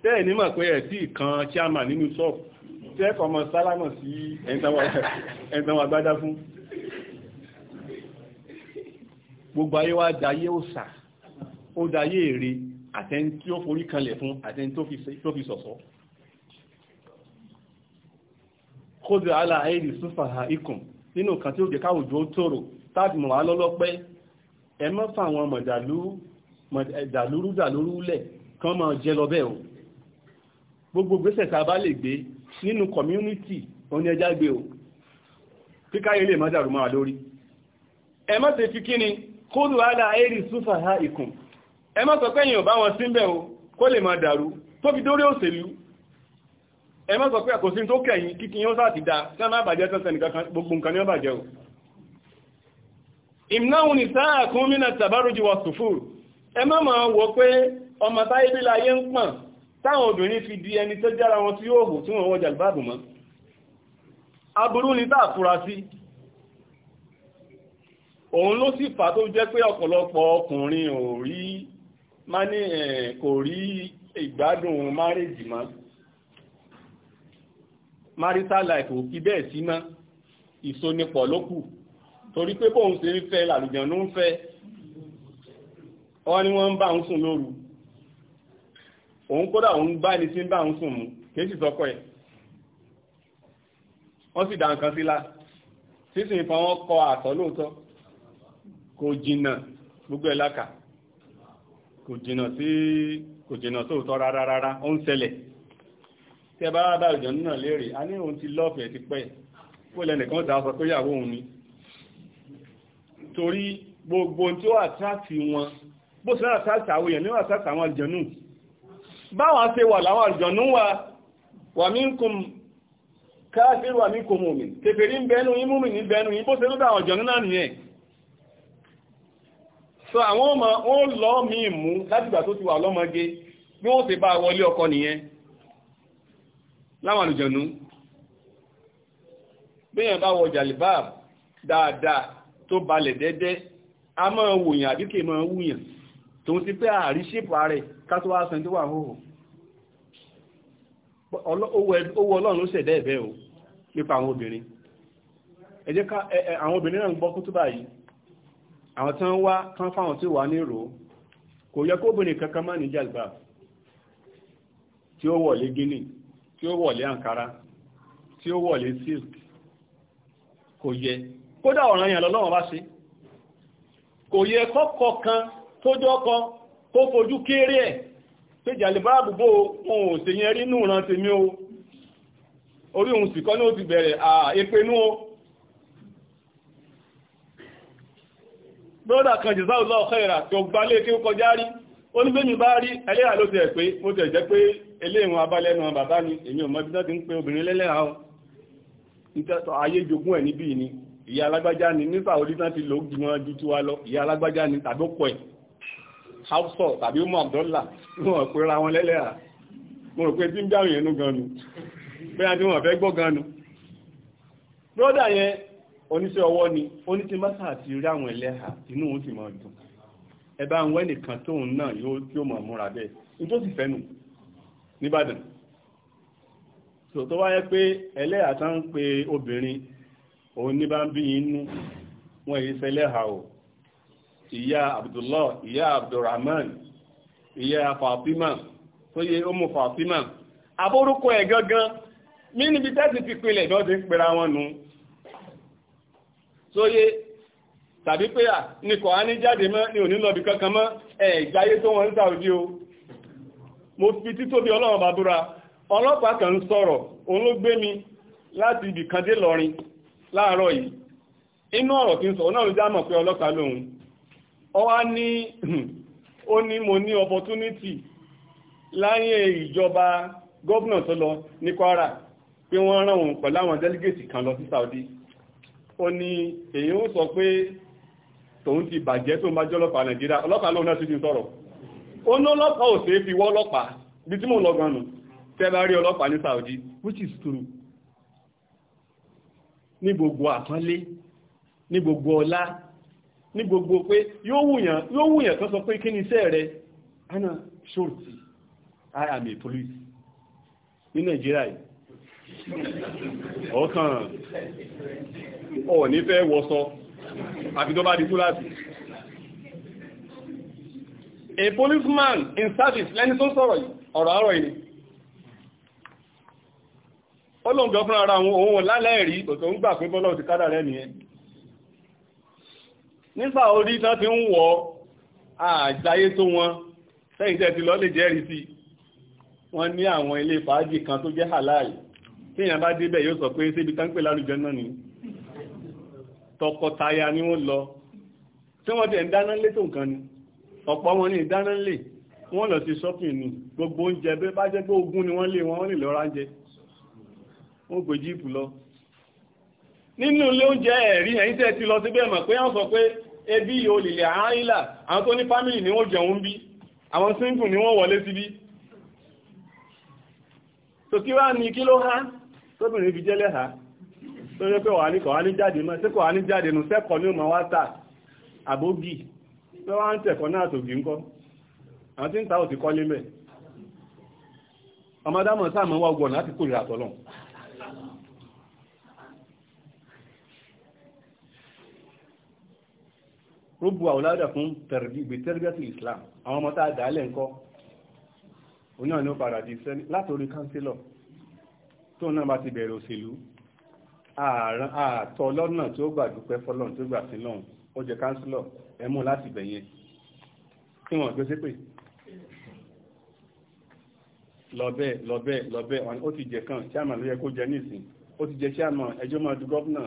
tẹ́ẹ̀ nímọ̀ pé ẹ̀ tí kan chiama nínú ṣọ́ọ̀pù tẹ́ẹ̀kọ́ ọmọ sálámọ̀ sí àtẹni tí ó forí kanlẹ̀ fún àtẹni tó fi sọ̀sọ́ kódé àlà àìrí súnfàhà ikùn nínú kan tí ó jẹ káwùjọ tòrò táàbì mọ̀ wá lọ́lọ́pẹ́ ẹ má fà àwọn mọ̀dàlúrúdàlúrú lẹ̀ kán máa jẹ lọ bẹ́ẹ̀ o gbogbo gbésẹ̀ tá bá lè gbé nínú community oní ẹjá gbé o kíkáyé lè má dàrú máa lórí ẹ má ṣe fi ẹ má sọ pé èèyàn bá wọn sí ń bẹ̀ o kó lè máa dàrú tó fi dórí òṣèlú ẹ má sọ pé àkòsí tó kẹ̀yìn kíkí yóò sáà ti dá sẹ́ má bàjẹ́ tẹ́sẹ̀ nìkan gbogbo nǹkan ní ó bàjẹ́ o ìmnáhùn ní sáà kún mínà tàbárùjì wà sùfúrù ẹ má òun ló sì fà tó jẹ́ pé ọ̀pọ̀lọpọ̀ ọkùnrin ò rí má ní kò rí ìgbádùn márèjì mọ́ marital life ò fi bẹ́ẹ̀ sí mọ́ ìsonipọ̀ ló torí pé bóun ṣe fẹ́ làlùjàn ló ń fẹ́ wọ́n ní wọ́n ń bá ń sùn lóru òun kódà òun bá ní sí ń bá ń sùn mú kìí sì sọ́kọ̀ ẹ̀ wọ́n sì dá sílá sísìn ìfọwọ́kọ àtọ́ lóòótọ́ kò jìnà gbogbo ẹ̀ lákàá kò jìnà sí kò jìnà sóòtọ́ rárá rárá ó ń ṣẹlẹ̀ tí ẹ bá bá ìjọ náà léèrè a ní òun ti lọ́ọ̀fẹ̀ ti pẹ́ kó lẹ́nìkan dá sọ pé ìyàwó òun ni torí gbogbo tí ó àtàtì wọn bó sí àtàtì àwọn èèyàn níwọ̀n àtàtì àwọn àlùjọ̀nú báwọn ṣe wà láwọn àlùjọ̀nú wa wà mí kùn káàkiri wà mí kùn mùmí kèfèrí ń bẹnu yín múmi ní bẹnu yín bó ṣe lọ́dọ̀ àwọn àlùjọ̀nú náà nìyẹn so àwọn ọmọ wọn lọ mí mú látìgbà tó ti wà lọ́mọge bí wọ́n ti bá wọlé ọkọ nìyẹn láwọn àlùjọ̀nú bíyàn bá wọ jàlìbáàbù dáadáa tó balẹ̀ dẹ́dẹ́ a máa wòyàn àbíkè máa wúyàn tó ń ti pé ààrí ṣèpà rẹ̀ kátówá san tó wà hóhò owó ọlọ́run ló ṣẹ̀dẹ́ ẹ̀bẹ́ o nípa àwọn obìnrin ẹ jẹ́ ká àwọn tán wá kán fáwọn tí wà ní ìró kò yẹ kó obìnrin kankan má ní jàlbáb tí ó wọ̀lé gíní tí ó wọ̀lé àǹkárá tí ó wọ̀lé silk kò yẹ kódà ọ̀ràn yẹn lọ́lọ́wọ́n bá ṣe kò yẹ kọ́kọ́ kan tó jọ́kọ́ kó fojú kéré ẹ̀ pé jàlbáb bò wọn ò ṣèyẹn rí nù rántí mi o orí òun sì kọ́ ní ó ti bẹ̀rẹ̀ àà èpenú o brọ́dà kan jù sáwọ́ lọ́ọ̀kọ́ ìrà tó gbá lé kí ó kọjá rí ó ní bẹ́mi bá rí ẹlẹ́yà ló ti ẹ̀ pé mo tẹ̀ jẹ́ pé eléwọn abálẹ́nu bàbá ni èmi ò mọ́bí náà ti ń pé obìnrin lẹ́lẹ́ra ọ ni ìyá alágbájá ni ni tàbí ọkọ̀ ẹ̀ hausa tàbí ọmọ abdọ́là wọn pè ra wọn lẹ́lẹ́ra mo rò pé tí ń dáhùn yẹn nú gan nu bẹ́ẹ̀ ni wọ́n fẹ́ gbọ́ gan nu oníṣẹ́ ọwọ́ ni oníṣẹ́ mọ́sá àti rí àwọn ẹlẹ́hà inú òun sì máa dùn ẹ̀bá àwọn ẹnìkan tóun náà yóò mọ̀ múra bẹ́ẹ̀ ní tó sì fẹ́nu nìbàdàn tó wáyé pé ẹlẹ́hà tá ń pe obìnrin òun ní bá ń bí inú wọn èyí sẹlẹ́hà o ìyá Abdullah ìyá Abdulrahman ìyá Fatima tó yẹ ọmọ Fatima abórúkọ ẹ̀ gangan mí níbi tẹ́sí ti pinlẹ̀ lọ́dún pẹ̀lú àwọn nù sóyé tàbí pé à ní kọ̀ á ní jáde mọ́ ní onílọ́bì kankan mọ́ ẹ̀ẹ̀jáyé tó wọ́n ń Saudi o mo fi títóbi ọlọ́run bá búra ọlọ́pàá kan ń sọ̀rọ̀ òun ló gbé mi láti ibì kan dé lọrin láàárọ̀ yìí inú ọ̀rọ̀ tí ń sọ náà ló já mọ̀ pé ọlọ́pàá lòun ọ wá ní ó ní mo ní opportunity láyé ìjọba gómìnà tó lọ ní Kwara pé wọ́n rán òun pẹ̀lú àwọn delegate kan lọ sí Saudi ó ní èyí ó sọ pé tòun ti bàjẹ́ tó máa jọ́lọ́pàá nàìjíríà ọlọ́pàá lóun náà sì ti sọ̀rọ̀ ó ní ọlọ́pàá ò ṣeé fi wọ́ ọlọ́pàá bí tí mò ń lọ tẹ́ bá which is true ní gbogbo àpọ́nlé ní gbogbo ọlá ní gbogbo pé yóò wùyàn kan sọ pé kí ni iṣẹ́ ana shorty I am a police ní nàìjíríà yìí ọ̀kan ọ̀ní fẹ́ wọ́sọ àti tó bá di kúláàsì a policeman in service lẹ́ni tó sọ̀rọ̀ ọ̀rọ̀ àárọ̀ ìní ọlọ́ǹgbọ́ fún ara àwọn ohun lálẹ́ẹ̀rí òtò ń gbà pé bọ́lọ̀ ti kádà lẹ́ni ẹ nígbà orí tán ti ń wọ àjáyé tó wọn sẹ́yìn tẹ́ ti lọ lè jẹ́rìí sí wọ́n ní àwọn ilé fàájì kan tó jẹ́ halal tí èyàn bá débẹ̀ yóò sọ pé síbi tán lálùjọ náà ni tọkọtaya ni wọ́n lọ tí wọ́n tẹ̀ ń dáná lé tó nǹkan ni ọ̀pọ̀ wọn ní ìdáná lè wọ́n lọ sí shopping ni gbogbo oúnjẹ bẹ́ẹ̀ bá jẹ́ pé ogún ni wọ́n lé wọn wọ́n lè lọ ránjẹ wọ́n gbé jíìpù lọ nínú ilé oúnjẹ ẹ̀rí ẹ̀yìn tẹ́ ti lọ síbẹ̀ mọ̀ pé wọ́n sọ pé ebi yóò lìlẹ̀ àárílà àwọn tó ní fámìlì ni wọ́n jẹun bí àwọn síngùn ni wọ́n wọlé síbí so kí kí ló há tóbìnrin fi jẹ́ lẹ́ha tó yẹ pé wà ní kọ̀wá ní jáde mọ́ sí kọ̀wá ní jáde nù sẹ́kọ̀ọ́ ní ọmọ wá àbógì tó wá ń tẹ̀kọ́ náà tó gí ń kọ́ àwọn ta kọ́lé mẹ́ ọmọdámọ̀ wá láti fún Islam tó náà bá ti bẹ̀rẹ̀ òṣèlú àtọ̀ lọ́nà tí ó gbà dúpẹ́ fọlọ́run tí ó gbà sí lọ́hùn ó jẹ káńsílọ̀ ẹ mú láti bẹ̀yẹn tí wọ́n gbé ṣépè lọ́bẹ̀ lọ́bẹ̀ lọ́bẹ̀ ó ti jẹ kan chairman ló yẹ kó jẹ nísìn ó ti jẹ chairman ẹjọ́ máa du gọ́fúnà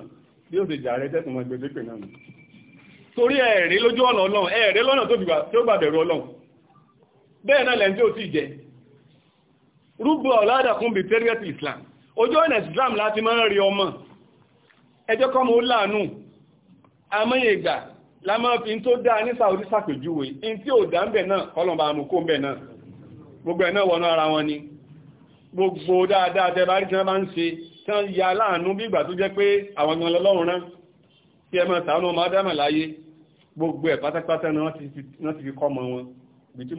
bí ó ti jà rẹ tẹ́sùn mọ́ gbé ṣépè náà nù torí ẹ̀rí lójú ọ̀nà ọlọ́run ẹ̀rí lọ́nà tó gbà bẹ̀rù ọlọ́run bẹ́ẹ̀ náà lẹ́ni tí ti jẹ rúgbọ́ ọ̀làdàkún tẹ́rẹ́tì Islam ojú ọ̀nà islam láti máa rí ọmọ ẹjọ́ kọ́mọ ó láàánú amóye ìgbà lámọ́fí tó dá ní Saudi sàpèjúwe in tí ò dá ń bẹ̀ náà kọlọ̀mbà àmúkó ń bẹ̀ náà gbogbo ẹ̀ náà wọnú ara wọn ni gbogbo dáadáa tẹ́ bá rí tí wọ́n bá ń ṣe tí wọ́n ya láàánú bí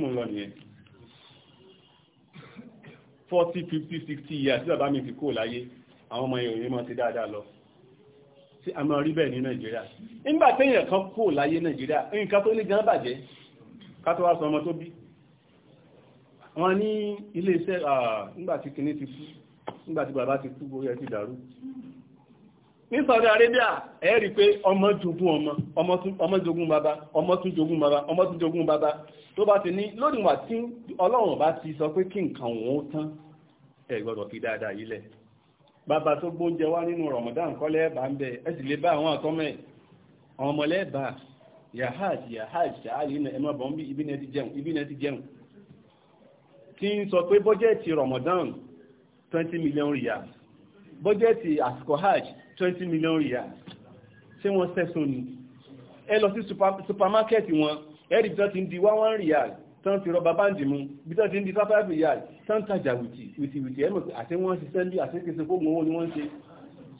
ìgbà forty fifty sixty years tí bàbá mi fi kó láyé àwọn ọmọ ìròyìn mọ́ ti dáadáa lọ sí àmọ́ rí bẹ́ẹ̀ ní nàìjíríà nígbà téèyàn kan kó láyé nàìjíríà nǹkan tó ní gan bàjẹ́ ká tó wá sọ ọmọ tó bí wọn ní ilé iṣẹ́ nígbà tí kinní ti kú nígbà tí bàbá ti kú bóyá ti dàrú ní Saudi Arabia ẹ rí pé ọmọ jogún ọmọ ọmọ jogún bàbá ọmọ tún bàbá ọmọ tún jogún bàbá tó bá ti ní lónìí wà tí ọlọ́run bá ti sọ pé kí nǹkan òun ó tán ẹ fi dáadáa Ramadan kọ́lẹ́ ẹ̀bà ń ẹ sì lè bá àwọn àtọ́mọ̀ ẹ̀ àwọn yahaj yahaj ibi ti jẹun ibi ti jẹun twenty million riyal ṣé wọ́n sẹ́sùn ni ẹ lọ sí supermarket wọn ẹ̀rì tó ti ń di one one riyal tán ti rọba báǹdì mu bí tán ti ń di five riyal tán tajà wìtì wìtì ẹ̀mọ̀ àti wọ́n ṣiṣẹ́ ń bí àti kìí ṣe fóògùn owó ni wọ́n ṣe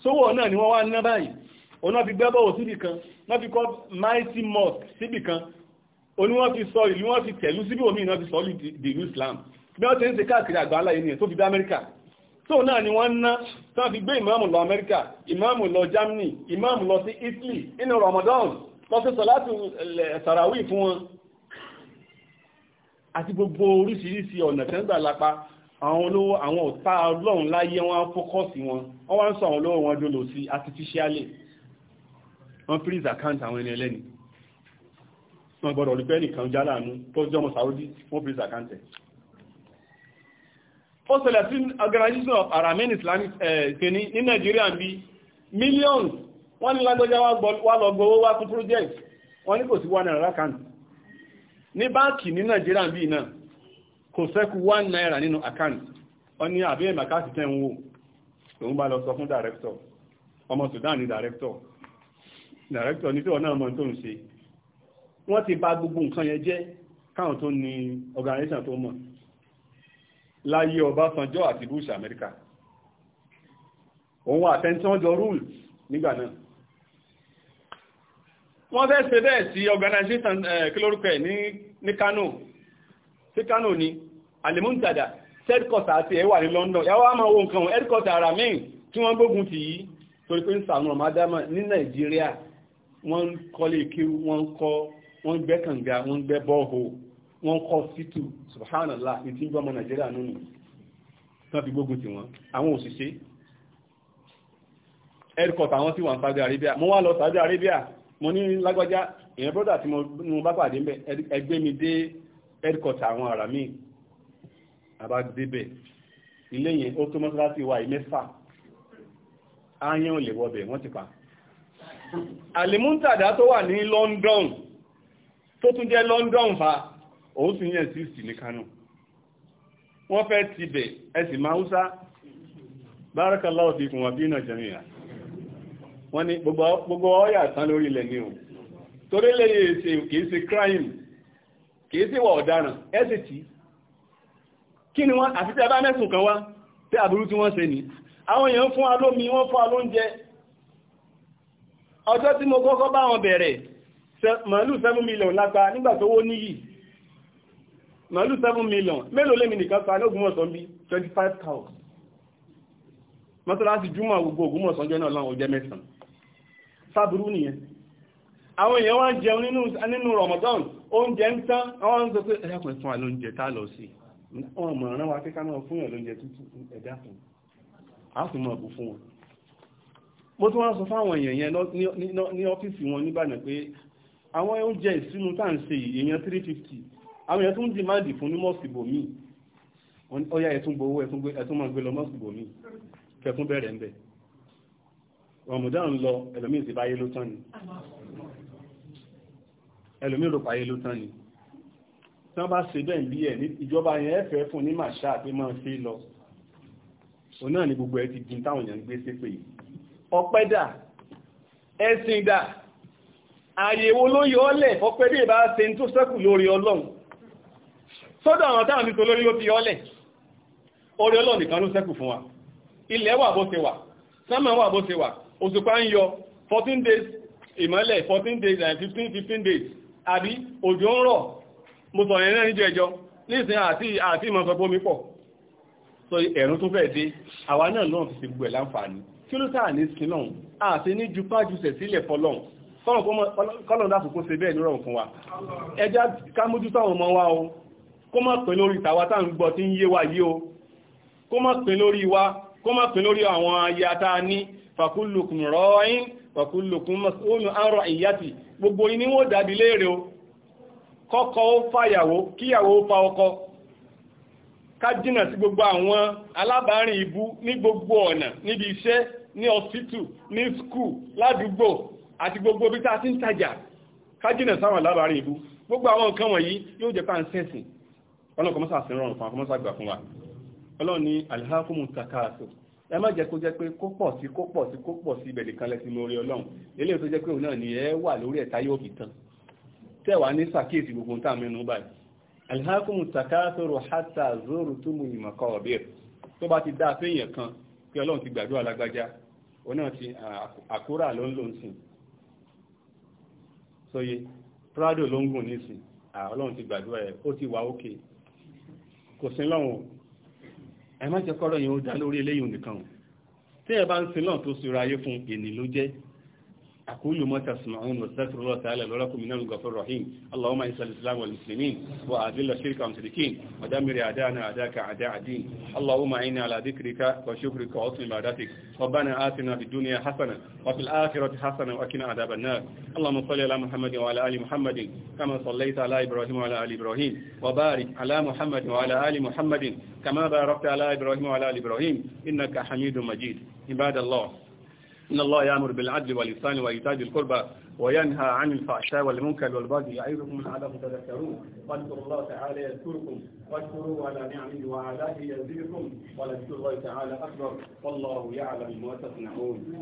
sówó náà ni wọ́n wá ná báyìí ọ̀nà fi gbẹ́bọ̀wò síbì kan wọ́n fi kọ́ mighty mosque síbì kan oní wọ́n fi sọ ìlú wọ́n fi tẹ̀lú síbì omi náà fi sọ ìlú islam bí wọ́n ti ń ṣe káàkiri àgbáńlá yìí nìyẹn tó fi dá amẹ́ríkà tó náà ni wọ́n ná tán fi gbé ìmáàmù lọ Amẹ́ríkà ìmáàmù lọ Germany ìmáàmù lọ sí Italy inú Ramadan lọ sí sọ̀látù sàràwì eh, fún wọn àti gbogbo oríṣiríṣi ọ̀nà tẹ́ ń gbà lápá àwọn olówó àwọn ọ̀tá ọlọ́run láyé wọn fókọ́sì wọn wọ́n wá ń sọ àwọn olówó wọn jólò sí artificially wọ́n freeze account àwọn ẹni ẹlẹ́ni wọ́n gbọ́dọ̀ rí pẹ́ jálàánú tó jọmọ Saudi wọ́n freeze account ẹ̀ ó ṣẹlẹ̀ sí organization of aramean islamic kìíní eh, ní Nigeria bí millions wọ́n ní lágbẹ́já wá lọ gbowó wá fún project wọ́n ní kò sí one naira account ní báǹkì ní Nigeria bí náà kò sẹ́kù one naira nínú account wọ́n ní àbí ẹ̀mà káàkiri tẹ́ ń wò lòun bá lọ sọ fún director ọmọ Sudan ní director director ní tí wọ́n náà mọ̀ tó ń ṣe wọ́n ti bà gbogbo nǹkan yẹn jẹ́ káwọn tó ní organization tó mọ̀ láyé Ọbásanjọ́ àti Bush America. òun àtẹ́ntán jọ rules. nígbà náà wọ́n fẹ́ ṣe bẹ́ẹ̀ sí organization kílórúkẹ̀ ní Kano sí Kano ni alimuntada headquarter àti ẹwà ní London ẹwà máa wo nǹkan headquarter ara míì tí wọ́n gbógun ti yí torí pé ń sàánú ọmọdámà ní Nàìjíríà wọ́n ń kọ́lé kí wọ́n kọ́ wọ́n ń wọ́n gbẹ́ bọ́ọ̀hù wọ́n kọ́ sítù subhanallah ní tí ń gbọ́mọ nàìjíríà nínú tán fi gbógun ti wọn àwọn òṣìṣẹ́ airport àwọn tí wà ń Saudi Arabia mo wá lọ Saudi Arabia mo ní lágbájá èèyàn brọ́dà tí mo bá pàdé mbẹ ẹgbẹ́ mi dé airport àwọn ará mi àbá débẹ̀ ilé yẹn ó tó mọ́sálásí wa ìmẹ́fà ayán ò lè wọ́bẹ̀ wọ́n ti pa àlèmúntàdá tó wà ní London tó tún jẹ́ London fa òun sì yẹn sí sí ní Kánò wọ́n fẹ́ ti bẹ̀ ẹ̀sìn máa húsá bárakàláwọ̀ ti kùn wà bí náà jẹ́mìyà wọ́n ni gbogbo ọ̀yà tán lórí ilẹ̀ ni o torí lẹ́yẹ ṣe kìí ṣe crime kìí ṣe wà ọ̀daràn ẹ̀sìn tí kí ni wọ́n àti tí a bá mẹ́sùn kan wá tí àbúrú tí wọ́n ṣe ní àwọn èèyàn fún alómi wọ́n fún alóúnjẹ ọjọ́ tí mo kọ́kọ́ bá wọn bẹ̀rẹ̀ màálù 7 million lágbà nígbà tó wó níyì màálù seven million mélòó lèmi nìkan sọ alógúnmọ̀sán bí 25,000 mọ́tọ́láti júmọ̀ gbogbo ògúnmọ̀sán jẹ́ náà láwọn ọjẹ́ mẹ́sàn sábúrú nìyẹn àwọn èèyàn wá jẹun nínú Ramadan oúnjẹ ń tán àwọn ń sọ pé ẹ̀yàkùn fún àlóúnjẹ tá lọ sí wọn mọ̀ rán wa kíkà náà fún ẹ̀lóúnjẹ tútù ẹ̀dá fún àásùmọ̀ bù fún wọn mo tún wá sọ fáwọn èèyàn yẹn ní ọ́fíìsì wọn níbànà pé àwọn oúnjẹ ìsínú tá à ń ṣe èèyàn 350 àwọn èèyàn tún dìmáàdì fún ní mọ́ọ̀sì bòmí ọyá ẹ̀tún gbowó ẹ̀tún máa gbé lọ mọ́ọ̀sì bòmí kẹtún bẹ̀rẹ̀ ń bẹ̀ rọmọdán lọ ẹlòmíì ti báyé ló tán ni ẹlòmíì rò páyé ló tán ni tí wọ́n bá ṣe bẹ́ẹ̀ bí ẹ̀ ní ìjọba yẹn ẹ̀fẹ́ fún ní màṣá àti máa ṣe lọ òun náà ni gbogbo ẹ ti dín táwọn èèyàn ń gbé ṣépè yìí ọpẹ́ dà ẹ̀sìn dà àyèwò ló yọ ọ́lẹ̀ ọpẹ́ bí ìbá ṣe ń tó sẹ́kù lórí ọlọ́run sọ́dọ̀ àwọn táwọn ní tolórí ló fi ọlẹ̀ orí ọlọ́ nìkan ló ṣẹ́kù fún wa ilẹ̀ wà bó ṣe wà sánmà wà bó ṣe wà òṣùpá ń yọ 14 days ìmọ́lẹ̀ 14 days and 15 15 days àbí òjò ń rọ̀ mo sọ yẹn náà ní jẹjọ nísìn àti àti ìmọ̀ sọpọ̀ mi pọ̀ so ẹ̀rùn tún fẹ́ dé àwa náà lọ́n fi ṣe gbogbo ẹ̀ láǹfààní kí ló sáà ní sílọ̀n àti ní jupájúṣẹ̀ sílẹ̀ fọlọ́n kọ́lọ̀ dákòókò ṣe bẹ́ẹ̀ nírọ̀rùn fún wa ẹjá ká mójútó àwọn ọmọ wa o kó má pín lórí tàwa tá ń gbọ́ tí ń yé wa yí o kó má pín lórí wa kó má pín lórí àwọn aya tá a ní fàkúlùkùn rọ́ọ̀yìn fàkúlùkùn mọ́sùlùmí àrọ̀ ìyàtì gbogbo yín ni wọ́n dàbí léèrè o kọ́kọ́ ó fàyàwó kíyàwó ó fa ọkọ ká jìnà sí gbogbo àwọn alábàárìn ibú ní gbogbo ọ̀nà níbi iṣẹ́ ní ọ̀sítù ní skul ládùúgbò àti gbogbo bí tá a ti ń tajà ká jìnà sáwọn alábàárìn ibú gbogbo àwọn nǹkan wọ̀nyí yóò jẹ́ pàǹsẹ̀sìn ọlọ́run kọ́ mọ́sá sí rọrùn fún akọ́mọ́sá gbà fún wa ọlọ́run ní alhakumu takaso ẹ má jẹ́ kó jẹ́ pé kó pọ̀ sí kó pọ̀ sí kó pọ̀ sí ibẹ̀ nìkan lẹ́sìn lórí ọlọ́run eléyìí tó jẹ́ pé òun náà ni ẹ wà lórí ẹ̀ta yóò fi tán tẹ́wàá ní sàkíyèsí gbogbo tá mẹ́nu báyìí alhakumu takaso hatta zoro tó mu ìmọ̀ kọ́ ọ̀bẹ̀ tó bá ti dá afẹ́yìn kan pé ọlọ́run ti gbàdúrà lágbájá òun náà ti àkúrà ló ń lò ń sìn sóye prado ló ń gùn nísìn ọlọ́run ti gbàdúrà ẹ̀ ó ti wà ókè kò sin lọ́wọ́ ẹ má jẹ́ kọ́rọ̀ yẹn ó dá lórí eléyìí nìkan tí ẹ bá ń sin náà tó sora ayé fún ènì ló jẹ́ أقول ما تسمعون واستغفر الله تعالى لكم من الغفور الرحيم اللهم انصر الإسلام والمسلمين وأذل الشرك والمشركين ودمر أعداءنا أعداءك أعداء الدين اللهم أعنا على ذكرك وشكرك وحسن عبادتك ربنا آتنا في الدنيا حسنة وفي الآخرة حسنة وقنا عذاب النار اللهم صل على محمد وعلى آل محمد كما صليت على إبراهيم وعلى آل إبراهيم وبارك على محمد وعلى آل محمد كما باركت على إبراهيم وعلى آل إبراهيم إنك حميد مجيد عباد الله إن الله يأمر بالعدل والإحسان وإيتاء ذي القربى وينهى عن الفحشاء والمنكر والبغي يعظكم لعلكم تذكرون فاذكروا الله تعالى يذكركم واشكروا على نعمه وعلائه يزدكم ولذكر الله تعالى أكبر والله يعلم ما تصنعون